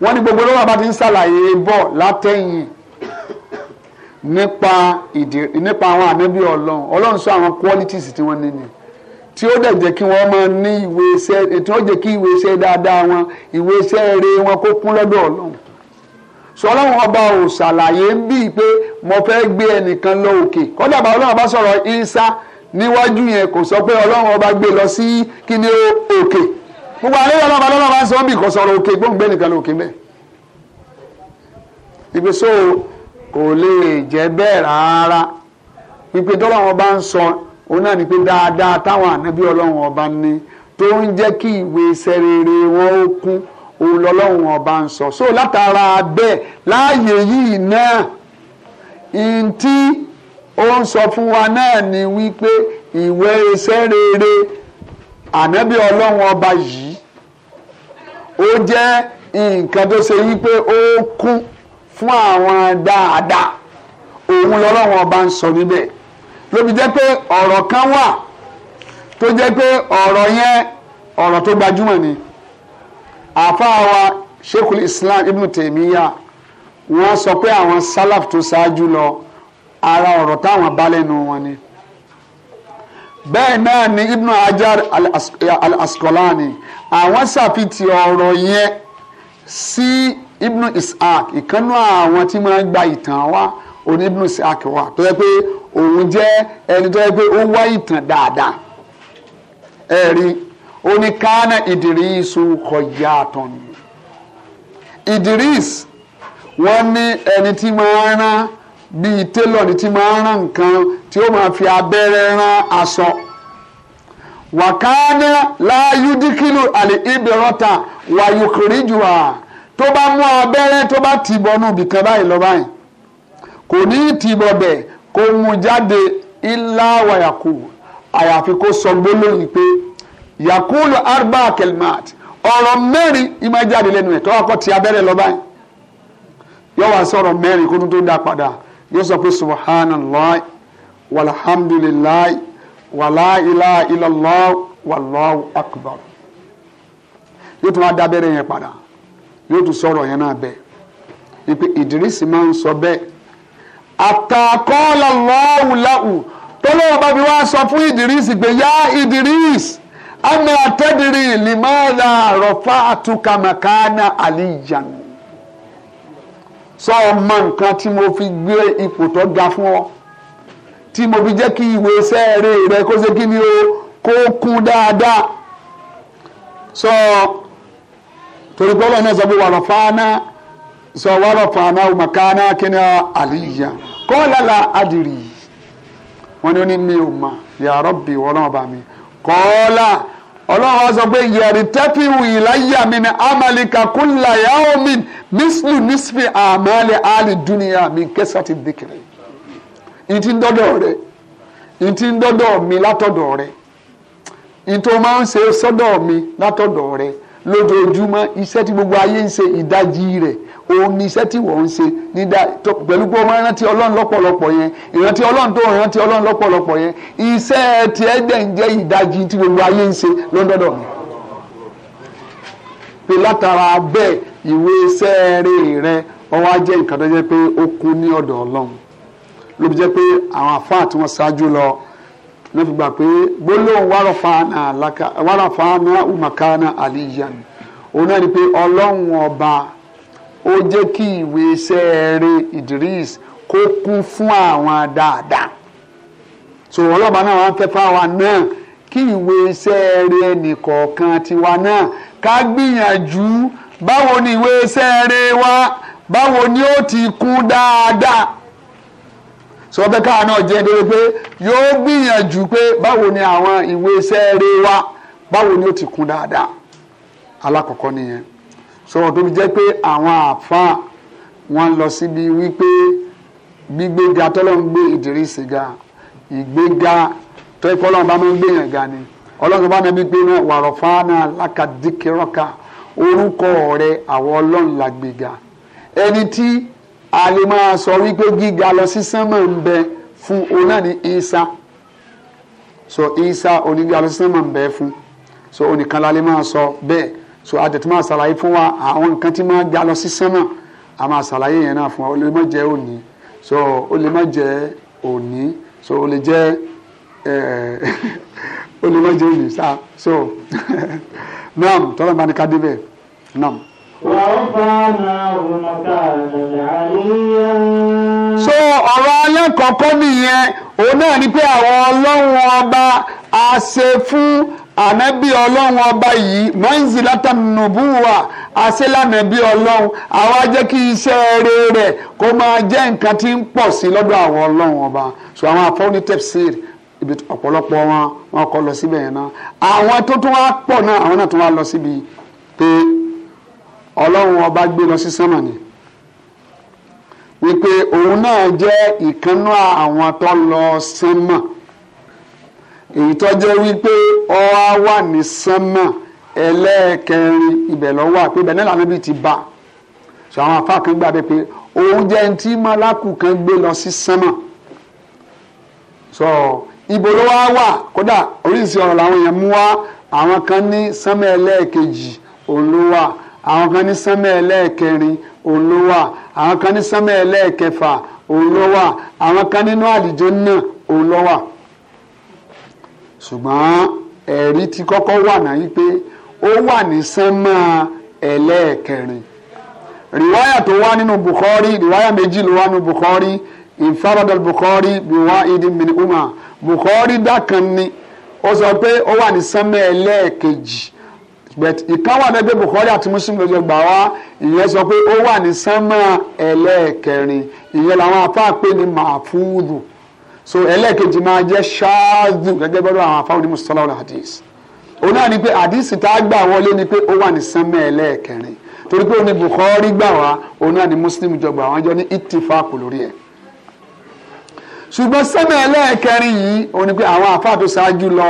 wọ́n ní gbogbo lọ́wọ́ bá ti ń ṣàlàyé bọ̀ látẹ̀yìn nípa ìdí nípa àwọn ànábì ọlọ́run ọlọ́run sọ àwọn qualities tí wọ́n ní ni tí ó dẹ̀ jẹ́ kí wọ́n máa ní ìwé iṣẹ́ tí ó jẹ́ kí ìwé iṣẹ́ dáadáa wọn ìwé iṣẹ́ eré wọn kó kún lọ́dọ̀ ọlọ́run sọlọ́run ọba ò ṣàlàyé ń bíi pé mo fẹ́ gbé ẹnìkan lọ òkè kódà bá ọlọ́run bá sọ̀rọ̀ ìsá níwájú yẹn kò sọ pé ọlọ́run ọba gbé lọ sí kí ni òkè gbogbo àlẹ́ ọlọ́run ọlọ́run bá sọ bí kò sọ̀rọ̀ òkè gbóǹgbé nìkan lókè mẹ́ ìgbésó kò lè jẹ́ bẹ́ẹ̀ rárá pípé tọ́lọ́run ọba ń sọ òun náà ni pé dáadáa táwọn ànábí ọlọ́run ọba ní tó ń jẹ́ kí ìwé iṣẹ́ rere wọn ó kún òun lọ́lọ́run ọba ń sọ so látara bẹ́ẹ̀ láàyè yìí náà ntí ó ń sọ fún wa náà ni wípé ìwé iṣẹ́ rere ànábí ọlọ́run ọba yìí ó jẹ́ nǹkan tó ṣe wípé ó kún fún àwọn dáadáa òun lọ́lọ́run ọba ń sọ níbẹ̀ ló fi jẹ́ pé ọ̀rọ̀ kan wà tó jẹ́ pé ọ̀rọ̀ yẹn ọ̀rọ̀ tó gbajúmọ̀ ni àfáà wa Sheikhul Islam Ibn Taymiyyah wọ́n sọ pé àwọn salaf tó ṣáájú lọ ara ọ̀rọ̀ táwọn bá lẹ́nu wọn ni bẹ́ẹ̀ náà ni Ibn Hajar al Askolani, àwọn ṣàfitì ọ̀rọ̀ yẹn sí Ibn Ishaq ìkànnú àwọn tí wọ́n gba ìtàn wa oní Ibn Ishaq wa tó yẹ pé òun jẹ́ ẹni tó yẹ pé ó wá ìtàn dáadáa ẹ̀rí oníkánà Idris khayyatun Idris wọ́n ní ẹni tí máa ń rán bíi télọ̀ ni tí máa ń rán nǹkan tí ó máa fi abẹ́rẹ́ rán aṣọ wàkánà láyúdíkìlù àlè ìbẹ̀rọ̀ta wàyùkìrìjùwà tó bá mú abẹ́rẹ́ tó bá tìbọnú bìkan báyìí lọ báyìí kò ní í kó mú jáde ilá wa yakulu àyàfi kó sọ gbólóyìn pé yakulu arba kelmat ọ̀rọ̀ mẹ́rin ìmọ̀ jáde lẹ́nu ẹ̀ tọ́wọ́ kọ́ ti abẹ́rẹ́ lọ báyìí yóò wá sọ̀rọ̀ mẹ́rin kó tó dá padà yóò sọ pé subhanallah walhamdulilayi wala ilaha illallah wallahu akbar yóò tún wá dábẹ́rẹ́ yẹn padà yóò tún sọ̀rọ̀ yẹn náà bẹ́ẹ̀ ni pé Ìdírísì máa ń sọ bẹ́ẹ̀ àtàkọ́lá lọ́wùláwù tọ́lọ́wọ́ bá fi wá sọ fún Idris pé yá Idris àmì àtẹ́dìrì lìmọ́ọ̀dà rọ̀fà àtúkàmàkánà àlìyàn sọ ọmọ nǹkan tí mo fi gbé ipò tó ga fún ọ tí mo fi jẹ́ kí ìwé sẹ́ẹ̀rẹ́ rẹ kó ṣe kí ni o kó kún dáadáa sọ torí pé ọlọ́run náà sọ pé wàrọ̀ fáná sọ wàrọ̀ fáná òmàkánà kí ni àlìyàn kọ́ọ̀lá la adìrì wọ́n ní ó ní mi ò mà ya Rabbi ọlọ́run mi kọ́ọ̀lá ọlọ́run wa sọ pé yẹ̀rì tẹ́pìwì ìláyà mi ni amalika kúnlá yàwó mi mísìlì nísìlì àmàlẹ̀ àlì dúnìyà mi kẹsà ti dìkìrì ìtì ń dọ́dọ̀ rẹ̀ ìtì ń dọ́dọ̀ mi látọ̀dọ̀ rẹ̀ ìtò máa ń ṣe sọ́dọ̀ mi látọ̀dọ̀ rẹ̀ lójoojúmọ́ iṣẹ́ tí gbogbo ayé ń ṣe ìdajì rẹ̀ òun ni iṣẹ́ tí wọ́n ń ṣe ní dá pẹ̀lú pé wọ́n rántí ọlọ́run lọ́pọ̀lọpọ̀ yẹn ìrántí ọlọ́run tó rántí ọlọ́run lọ́pọ̀lọpọ̀ yẹn iṣẹ́ tí ẹ dẹ̀ ń jẹ́ ìdajì tí gbogbo ayé ń ṣe lọ́dọ̀dọ̀ mi. pé látara bẹ́ẹ̀ ìwé iṣẹ́ rẹ̀ rẹ ọwọ́ á jẹ́ nǹkan tó jẹ́ pé ó kú ní ọ̀dọ̀ ọlọ́run ló fi jẹ́ pé àwọn àfáà tí wọ́n ṣáájú lọ ló fi gbà pé gbólóhùn wàràfà náà umaka òun náà ni pé ọlọ́run ọba ó jẹ́ kí ìwé iṣẹ́ eré Idris kó kun fún àwọn dáadáa so ọlọ́ba náà wọ́n fẹ́ wa náà kí ìwé iṣẹ́ eré ẹnìkọ̀ọ̀kan tiwa náà ká gbìyànjú báwo ni ìwé iṣẹ́ eré wa báwo ni ó ti kún dáadáa sọ bẹ́ẹ̀ káà náà jẹ́ nítorí pé yóò gbìyànjú pé báwo ni àwọn ìwé iṣẹ́ eré wa báwo ni ó ti kún dáadáa alákọ̀ọ́kọ́ nìyẹn so tó fi jẹ́ pé àwọn wọn lọ síbi wípé gbígbéga tọ́lọ́run gbé ìdírísì ìgbéga tó bá ga ni ọlọ́run bá náà wàrọ̀ fáánà lákàdíkìrọ́kà orúkọ rẹ̀ àwọn ọlọ́run la a lè máa sọ wípé gíga lọ sí sánmọ̀ ń so onígbà lọ sí sánmọ̀ so onìkan la lè máa sọ bẹ́ẹ̀ so àtẹ̀tí máa ṣàlàyé fún wa àwọn nǹkan tí máa gbà lọ sí sánmà a máa ṣàlàyé yẹn náà fún wa ó lè má jẹ́ òní so ó lè má jẹ́ òní so ó lè jẹ́ ó lè má jẹ́ òní sa so naam tọ́lá bá ní ká débẹ̀ naam. So ọ̀rọ̀ alákọ̀ọ́kọ́ nìyẹn òun náà ni pé àwọn ọlọ́run ọba a ṣe fún ànábì ọlọ́run ọba yìí mọ́ǹsì látàmùnùbù wa àṣelànàbí ọlọ́run àwa jẹ́ kí iṣẹ́ eré rẹ̀ kó máa jẹ́ nǹkan tí ń pọ̀ sí lọ́dọ̀ àwọn ọlọ́run ọba so àwọn àfọwọ́nì tẹ̀síìrì ibi ọ̀pọ̀lọpọ̀ wọn wọn kọ́ lọ síbẹ̀ yẹn náà àwọn tó tún wá pọ̀ náà àwọn náà tún wá lọ síbi pé ọlọ́run ọba gbé lọ sí sánmà ni wípé òun náà jẹ́ ìkànnú àwọn tó lọ sánmà èyí tó jẹ́ wípé ó wà ní sánmà ẹlẹ́ẹ̀kẹrin ibẹ̀ ló wà pé ibẹ̀ náà lànà bíi ti bá sọ àwọn afá kan gbà bẹ́ẹ̀ pé òun jẹ́ ní tí málákù kan gbé lọ sí sánmà sọ ibo ló wá wà kódà oríṣi ọ̀rọ̀ làwọn èèyàn mú wá àwọn kan ní sánmà ẹlẹ́ẹ̀kejì òun ló wà àwọn kan ní sánmà ẹlẹ́ẹ̀kẹrin òun ló wà àwọn kan ní sánmà ẹlẹ́ẹ̀kẹfà òun ló wà àwọn kan nínú àlìjọ náà òun ló wà ṣùgbọ́n ẹ̀rí ti kọ́kọ́ wà náà yí pé ó wà ní sánmà ẹlẹ́ẹ̀kẹrin rìwáyà tó wá nínú Bukhari rìwáyà méjì ló wá nínú Bukhari ìfaradà Bukhari bìwá ìdí mìíràn umar Bukhari dákan ni ó sọ pé ó wà ní sánmà ẹlẹ́ẹ̀kejì but ìkan wà lẹ́gbẹ́ Bukhari àti Muslim ló gbà wá ìyẹn sọ pé ó wà ní sánmà ẹlẹ́ẹ̀kẹrin ìyẹn làwọn afáàpẹ́ ni màfúùdù so ẹlẹ́ẹ̀kejì máa jẹ́ ṣáájú gẹ́gẹ́ bọ́dọ̀ àwọn afáwọn onímọ̀ sọ́lá ọ̀rọ̀ hadith òun náà ni pé àdìsí tá a gbà wọlé ni pé ó wà ní sánmẹ́ ẹlẹ́ẹ̀kẹrin torí pé òní Bukhari gbà wá òun náà ni Muslim jọ gbà wọ́n jọ ní ittifaq lórí ẹ̀ ṣùgbọ́n sánmẹ́ ẹlẹ́ẹ̀kẹrin yìí òun ni pé àwọn àfáà tó ṣáájú lọ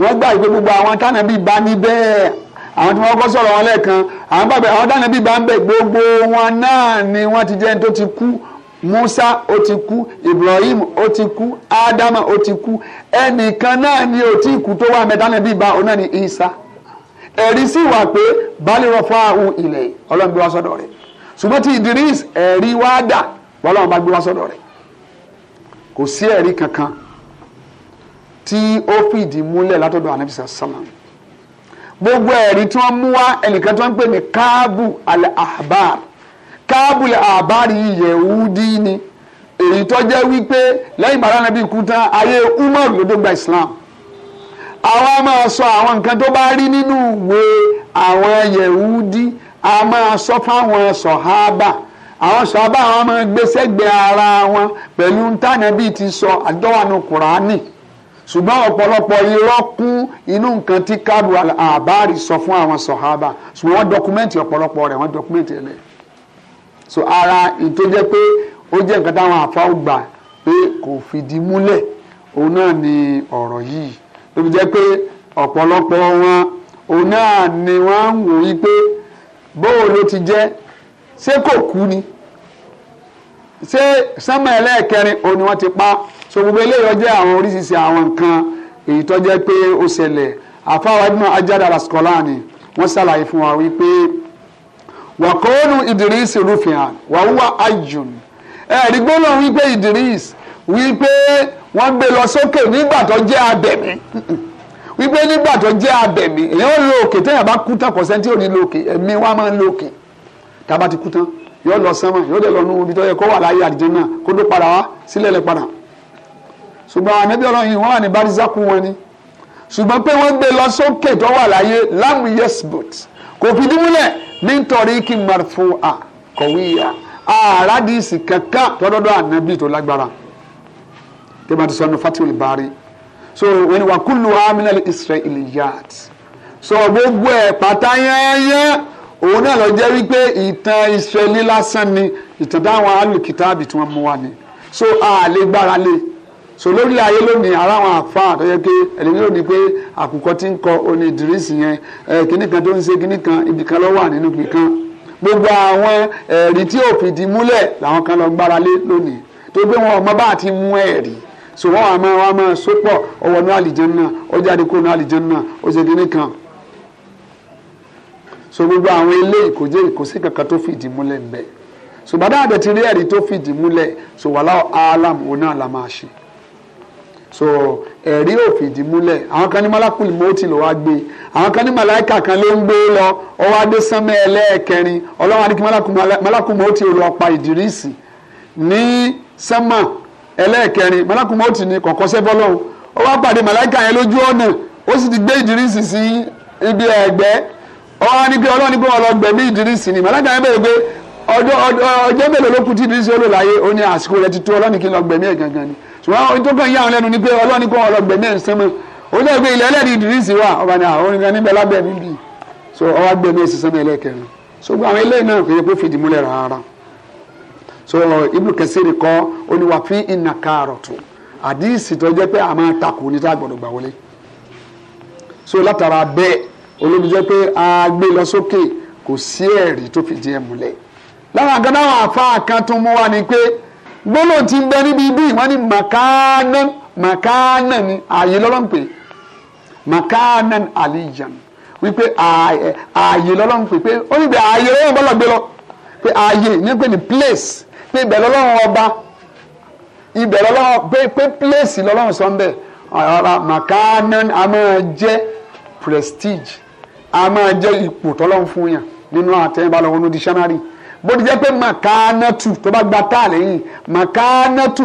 wọ́n gbà pé gbogbo àwọn tánàbí bá ní bẹ́ẹ̀ àwọn tí wọ́n kọ́ sọ̀rọ̀ wọn lẹ́ẹ̀kan àwọn tánàbí bá ń bẹ̀ gbogbo wọn náà ni wọ́n ti jẹ́ ní tó ti kú Musa ó ti kú Ibrahim ó ti kú Ádámà ó ti kú ẹnìkan náà ni ò tí kú tó wà mẹtánẹbí ba ọ ni Isa ẹ̀rí sì wà pé balẹ̀ rọ̀ fún àwọn ilẹ̀ ọlọ́run bí wá sọ́dọ̀ rẹ̀ ṣùgbọ́n ti Idris ẹ̀rí wá dà wọ́lọ́run bá gbé wá sọ́dọ̀ rẹ̀ kò sí ẹ̀rí kankan tí ó fìdí múlẹ̀ látọ̀dọ̀ anabisa salam gbogbo ẹ̀rí tí wọ́n mú wá ẹnìkan tí wọ́n ń pè ní káàbù al-ahbar káàbùlẹ̀ àbárí yẹ̀wúdí ni èyí tó jẹ́ wípé lẹ́yìn bàrà nàbí ikú ayé umar ló dé gba islam àwọn a máa sọ àwọn nǹkan tó bá rí nínú ìwé àwọn yẹ̀wúdí a máa sọ fáwọn sọ̀hábà àwọn sọ̀hábà àwọn máa gbé sẹ́gbẹ̀ẹ́ ara wọn pẹ̀lú ntànàbí ti sọ àdọ́wànú kùránì ṣùgbọ́n ọ̀pọ̀lọpọ̀ irọ́ kún inú nǹkan tí káàbùlẹ̀ àbárí sọ fún àwọn sọ̀hábà ṣùgbọ́n wọ́n dọkumẹ́ǹtì ọ̀pọ̀lọpọ̀ rẹ̀ wọ́n dọkumẹ́ǹtì ẹ̀ lẹ́yìn so ara ìtó jẹ́ pé ó jẹ́ nǹkan táwọn àfa ó gbà pé kò fìdí múlẹ̀ òun náà ni ọ̀rọ̀ yìí ló fi jẹ́ pé ọ̀pọ̀lọpọ̀ wọn òun náà ni wọ́n ń wò wípé bóò ló ti jẹ́ ṣé kò kú ni ṣé sánmọ̀ ẹlẹ́ẹ̀kẹrin òun ni wọ́n ti pa so gbogbo eléyìí ọjọ́ àwọn oríṣiríṣi àwọn nǹkan èyí tó jẹ́ pé ó ṣẹlẹ̀ àfáwá ibùdó ajáda rasikọ́lá ni wọ́n ṣàlàyé fún wa wípé wàkóòlù idris rufihan wàhùwà ayùn ẹ̀rí gbólóhùn wípé idris wípé wọ́n gbé lọ sókè nígbà tó jẹ́ abẹ̀mí wípé nígbà tó jẹ́ abẹ̀mí èèyàn ń lo òkè téèyàn bá kú tán kọ̀sẹ́ tí ò ní lo òkè ẹ̀mí wa máa ń lo òkè tába ti kú tán yóò lọ sánmà yóò dé lọ nú ibi tó yẹ kó wà láyé àdìjẹ náà kó dó padà wá sílẹ̀ lẹ padà ṣùgbọ́n ànábì ọlọ́run yìí wọ́n wà ní barisaku wọn ni ṣùgbọ́n pé wọ́n gbé lọ sókè tó wà láyé lámù yesbot kò fìdí múlẹ̀ nítorí kí marfu'a qawiya àràdìsì kankan tọ́dọ́dọ́ ànábì tó lágbára tí ma ti sọ ní fatul bari so wọ́n ni wà kúlù aminal israeliyat so gbogbo ẹ̀ pátá yẹ́nyẹ́ òun náà lọ jẹ́ wípé ìtàn israeli lásán ni ìtàn táwọn alùkìtàbì tí wọ́n mú wa ni so a lè gbára lé so lórí ayé lónìí ara àwọn àfáà tó yẹ pé ẹlẹ́ni ló ní pé àkùkọ tí ń kọ oní ìdírísì yẹn kíní kan tó ń ṣe kíní kan ibì kan ló wà nínú ibì kan gbogbo àwọn ẹ̀rí tí ò fìdí múlẹ̀ làwọn kan lọ gbára lé lónìí tó gbé wọn ọmọ bá àti mú ẹ̀rí so wọn àmọ́ wọn àmọ́ sopọ̀ ọwọ́ ní àlìjẹ́nnà ó jáde kó ní àlìjẹ́nnà ó ṣe kíní kan so gbogbo àwọn eléyìí kò jẹ́ ìkòsí kankan tó fìdí múlẹ̀ ń bẹ so bàdá àdẹ ti rí ẹ̀rí tó fìdí múlẹ̀ so wàhálà alam òun náà la máa ṣe so ẹ̀rí ò fìdí múlẹ̀ àwọn kan ní malakul mọ́tì ló wá gbé àwọn kan ní malaika kan ló ń gbé lọ ó wá dé sánmẹ́ ẹlẹ́ẹ̀kẹrin ọlọ́run adé kí malakul mọ́tì ó lọ pa ìdírísì ní sánmà ẹlẹ́ẹ̀kẹrin malakul mọ́tì ní kọ̀ọ̀kan sẹ́bọ́lọ́hún ó wá pàdé malaika yẹn lójú ọ̀nà ó sì ti gbé ìdírísì sí ibi ẹ̀gbẹ́ ó wá ní pé ní pé wọ́n lọ gbẹ̀mí ìdírísì ni malaika yẹn bẹ̀rẹ̀ pé ọjọ́ mélòó ló kù tí ìdírísì ó lò láyé ó ní àsìkò rẹ̀ ti tó ọlọ́run kí n lọ gbẹ̀mí ẹ̀ ni ṣùgbọ́n tó kàn yà wọn lẹ́nu ni pé ọlọ́ni kò ọlọ́gbẹ̀ náà ń sán mọ́ ó jẹ́ pé ilẹ̀ ẹlẹ́rìí ìdírísì wà ọba ni àwọn oníkan níbẹ̀ lábẹ́ mi bì so ọwọ́ gbẹ̀ náà ṣiṣẹ́ ẹlẹ́kẹrin so gbọ́ àwọn eléyìí náà kò yẹ kó fìdí múlẹ̀ rárá so Ibn Kathir kọ́ oníwàfín ìnàkàrọ̀tù àdìsí tó jẹ́ pé àmọ́ takò ní gbọ́dọ̀ gbà wọlé so látara bẹ́ẹ̀ olóbi jẹ́ pé a gbé lọ sókè kò sí ẹ̀rí tó fìdí ẹ̀ múlẹ̀ lára nǹkan náà àfa kan tó mú wa ni pé gbólóò ti bẹ níbi ibi wọn ni màkánà màkánà ni ààyè lọ́lọ́m̀pé màkánà àlìyàn wípé ààyè lọ́lọ́m̀pé pé ó ní pé ààyè lọ́lọ́m̀pé lọ́gbé lọ pé ààyè ní pé ní place pé ibẹ̀ lọ́lọ́run ọba ibẹ̀ lọ́lọ́run pé pé place lọ́lọ́run sọ ń bẹ̀ ọ̀rọ̀ màkánà a máa jẹ́ prestige a máa jẹ́ ipò tọ́lọ́run fún yàn nínú àtẹ̀yìnbá lọ́wọ́ ní dictionary bó ti jẹ́ pé "makanatu," tó bá gba táà lẹ́yìn màkánátù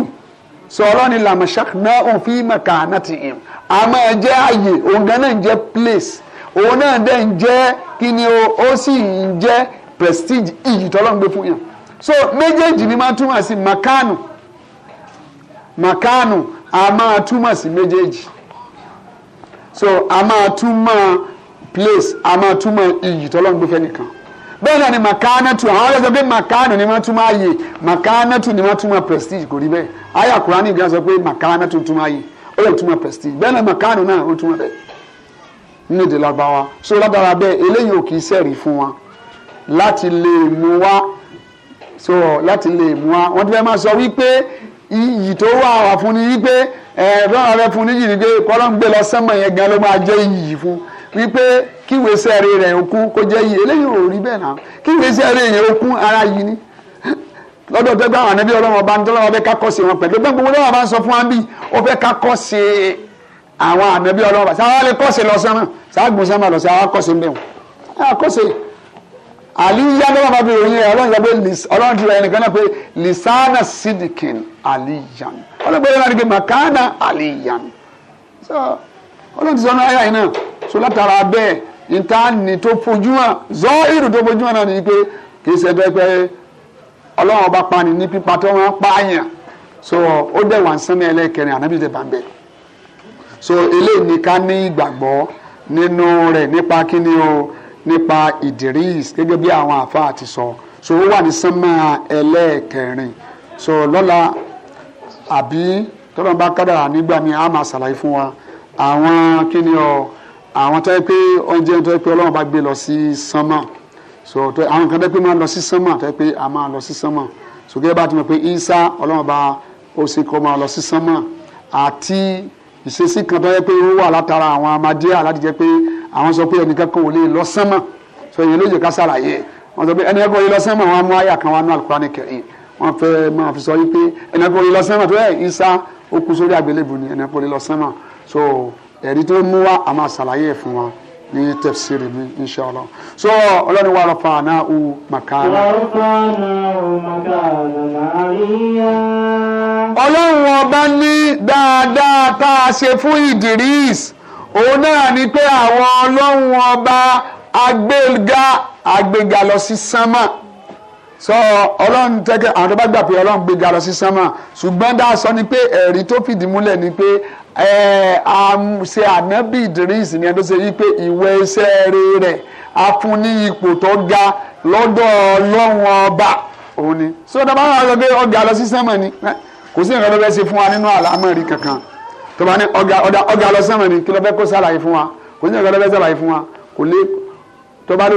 sọ̀rọ̀ ni làmàṣák náà òun fi màkánátì im àmọ́ ẹ jẹ́ àyè òun gan náà ń jẹ́ place òun náà dẹ̀ ń jẹ́ kí ni o ó sì ń jẹ́ prestige iyì tọ́lọ́ ń gbé fún yàn so méjèèjì ni máa túmọ̀ sí makanu makanu a máa túmọ̀ sí méjèèjì so a máa túmọ̀ place a máa túmọ̀ iyì tọ́lọ́ ń gbé fẹ́ nìkan bẹ́ẹ̀ náà ni makanatu àwọn ọ̀rẹ́ sọ pé makanu ni wọ́n túmọ̀ ààyè makanatu ni wọ́n túmọ̀ prestige kò rí bẹ́ẹ̀ àyà Kùránì gan sọ pé makanatu túmọ̀ ààyè ó lè túmọ̀ prestige bẹ́ẹ̀ náà makanu náà ó túmọ̀ bẹ́ẹ̀ nínú èdè lágbára so lágbára bẹ́ẹ̀ eléyìí ò kì í sẹ̀rí fún wa láti lè mú wa so láti lè mú wa wọ́n ti fẹ́ máa sọ wípé iyì tó wà wà fún ni wípé ẹ̀ẹ́dọ́rọ̀ rẹ fún níyì ni pé kọ́lọ́ kí ìwé sẹ́ẹ̀rì rẹ̀ ó kún kó jẹ́ yìí eléyìí ò rí bẹ́ẹ̀ náà kí ìwé sẹ́ẹ̀rì yẹn ó kún ara yìí ni lọ́dọ̀ tó gbà wọn níbi ọlọ́wọ́ bá ń tọ́lọ́ wọn fẹ́ ká kọ́ sí wọn pẹ̀lú gbẹ́ngbọ́n wọn lọ́wọ́ bá ń sọ fún wa bí ó fẹ́ ká kọ́ sí àwọn ànábì ọlọ́wọ́ bá sáwọn lè kọ́ sí lọ sánmà sáàgùn sánmà lọ sí àwọn kọ́ sí mbẹ́wọ̀n àwọn kọ́ sí àlíyá lọ́wọ́ bá bí òyìn ọlọ́run sọ pé ọlọ́run ti rẹ̀ ẹnìkan náà pé lisana sidikin aliyan ọlọ́gbẹ́rẹ́ náà ni pé makana aliyan ọlọ́run ti sọ náà ayà yìí náà so látara bẹ́ẹ̀ níta ní tó fojúmọ́ zọ́ irú tó fojúmọ́ ni pé kì í ṣe ẹgbẹ́ pé ọlọ́run ọba pani ní pípa tó wọ́n so ó dẹ̀ wà ń sánmi ẹlẹ́kẹrin ànábì tẹ̀ bá ń so ele ni ká ní ìgbàgbọ́ nínú rẹ̀ nípa kíni o nípa Idris gẹ́gẹ́ bí àwọn àfáà ti sọ so ó wà ní sánmà ẹlẹ́kẹrin so lọ́la àbí tọ́lọ́mùbá kádàrà nígbà mi á máa ṣàlàyé fún wa àwọn kíni o àwọn tó yẹ pé oúnjẹ tó yẹ pé ọlọ́run bá gbé lọ sí sánmà so àwọn kan tó yẹ pé máa lọ sí sánmà tó yẹ pé a máa lọ sí sánmà so gẹ́gẹ́ bá ti mọ̀ pé isa ọlọ́run bá ó ṣe kọ́ máa lọ sí sánmà àti ìṣesí kan tó yẹ pé ó wà látara àwọn amadíà láti jẹ́ pé àwọn sọ pé ẹnìkan kan ò lè lọ sánmà so ìyẹn ló yẹ ká ṣàlàyé wọn sọ pé ẹni ẹgbẹ́ yìí lọ sánmà wọn mú àyà kan wọn nú Al-Qur'ani Karim isa ó kú sórí àgbélébùú ni ẹni so ẹ̀rí tó mú wa a máa ẹ̀ fún wa ní tẹ̀síìrì mi inṣàlá so ọlọ́ni wa rọpa àná u màkàrà. rọpa àná u màkàrà màríyá. ọlọ́run ọba ní dáadáa tá a ṣe fún Idris òun náà ni pé àwọn ọlọ́run ọba agbéga agbéga lọ sí sánmà sọ ọlọ́run tẹ́kẹ́ àwọn tó bá gbà pé ọlọ́run gbéga lọ sí sánmà ṣùgbọ́n dáa sọ ni pé ẹ̀rí tó fìdí múlẹ̀ ni pé ṣe ànábì Idris ni ẹni tó ṣe yí pé ìwé iṣẹ́ rẹ̀ a ipò tó ga lọ́dọ̀ ọlọ́run ọba òun ni so tó bá wà lọ sí sẹ́mọ̀ ni kò sí nǹkan tó fẹ́ ṣe fún wa nínú àlámọ̀rí kankan tó bá ní lọ ni kí ló fẹ́ kó ṣàlàyé fún wa kò sí nǹkan tó fẹ́ ṣàlàyé fún wa kò lè tó bá kò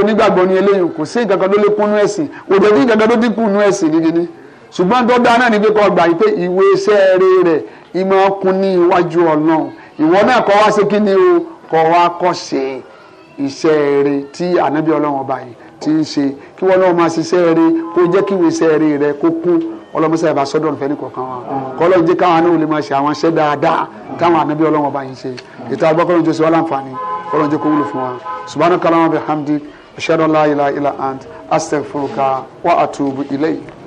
sí nǹkan tó lè kúnú ẹ̀sìn bí gidi ni ṣùgbọ́n tó dáa ìmọ̀ ọkùn ní iwájú ọlọ́run ìwọ náà kọ́ wá ṣe kí ni o kọ́ wá kọ́ ṣe iṣẹ́ rere tí ànábì ọlọ́run ọba yìí ti ń ṣe kí wọ́n náà máa ṣiṣẹ́ rere kó jẹ́ kí iṣẹ́ rere rẹ kó kún ọlọmọsẹ ẹ bá sọdọ nfẹ ní kọkan wa kọlọ ń jẹ káwọn anáwó lè máa ṣe àwọn iṣẹ́ dáadáa táwọn anábí Ọlọ́run ọba yìí ṣe ètò àgbà kọlọ ń jẹ sọ wọn kó wúlò fún wa subhanaka Allahumma bihamdik ashhadu an la ilaha illa ant astaghfiruka wa atubu ilayk.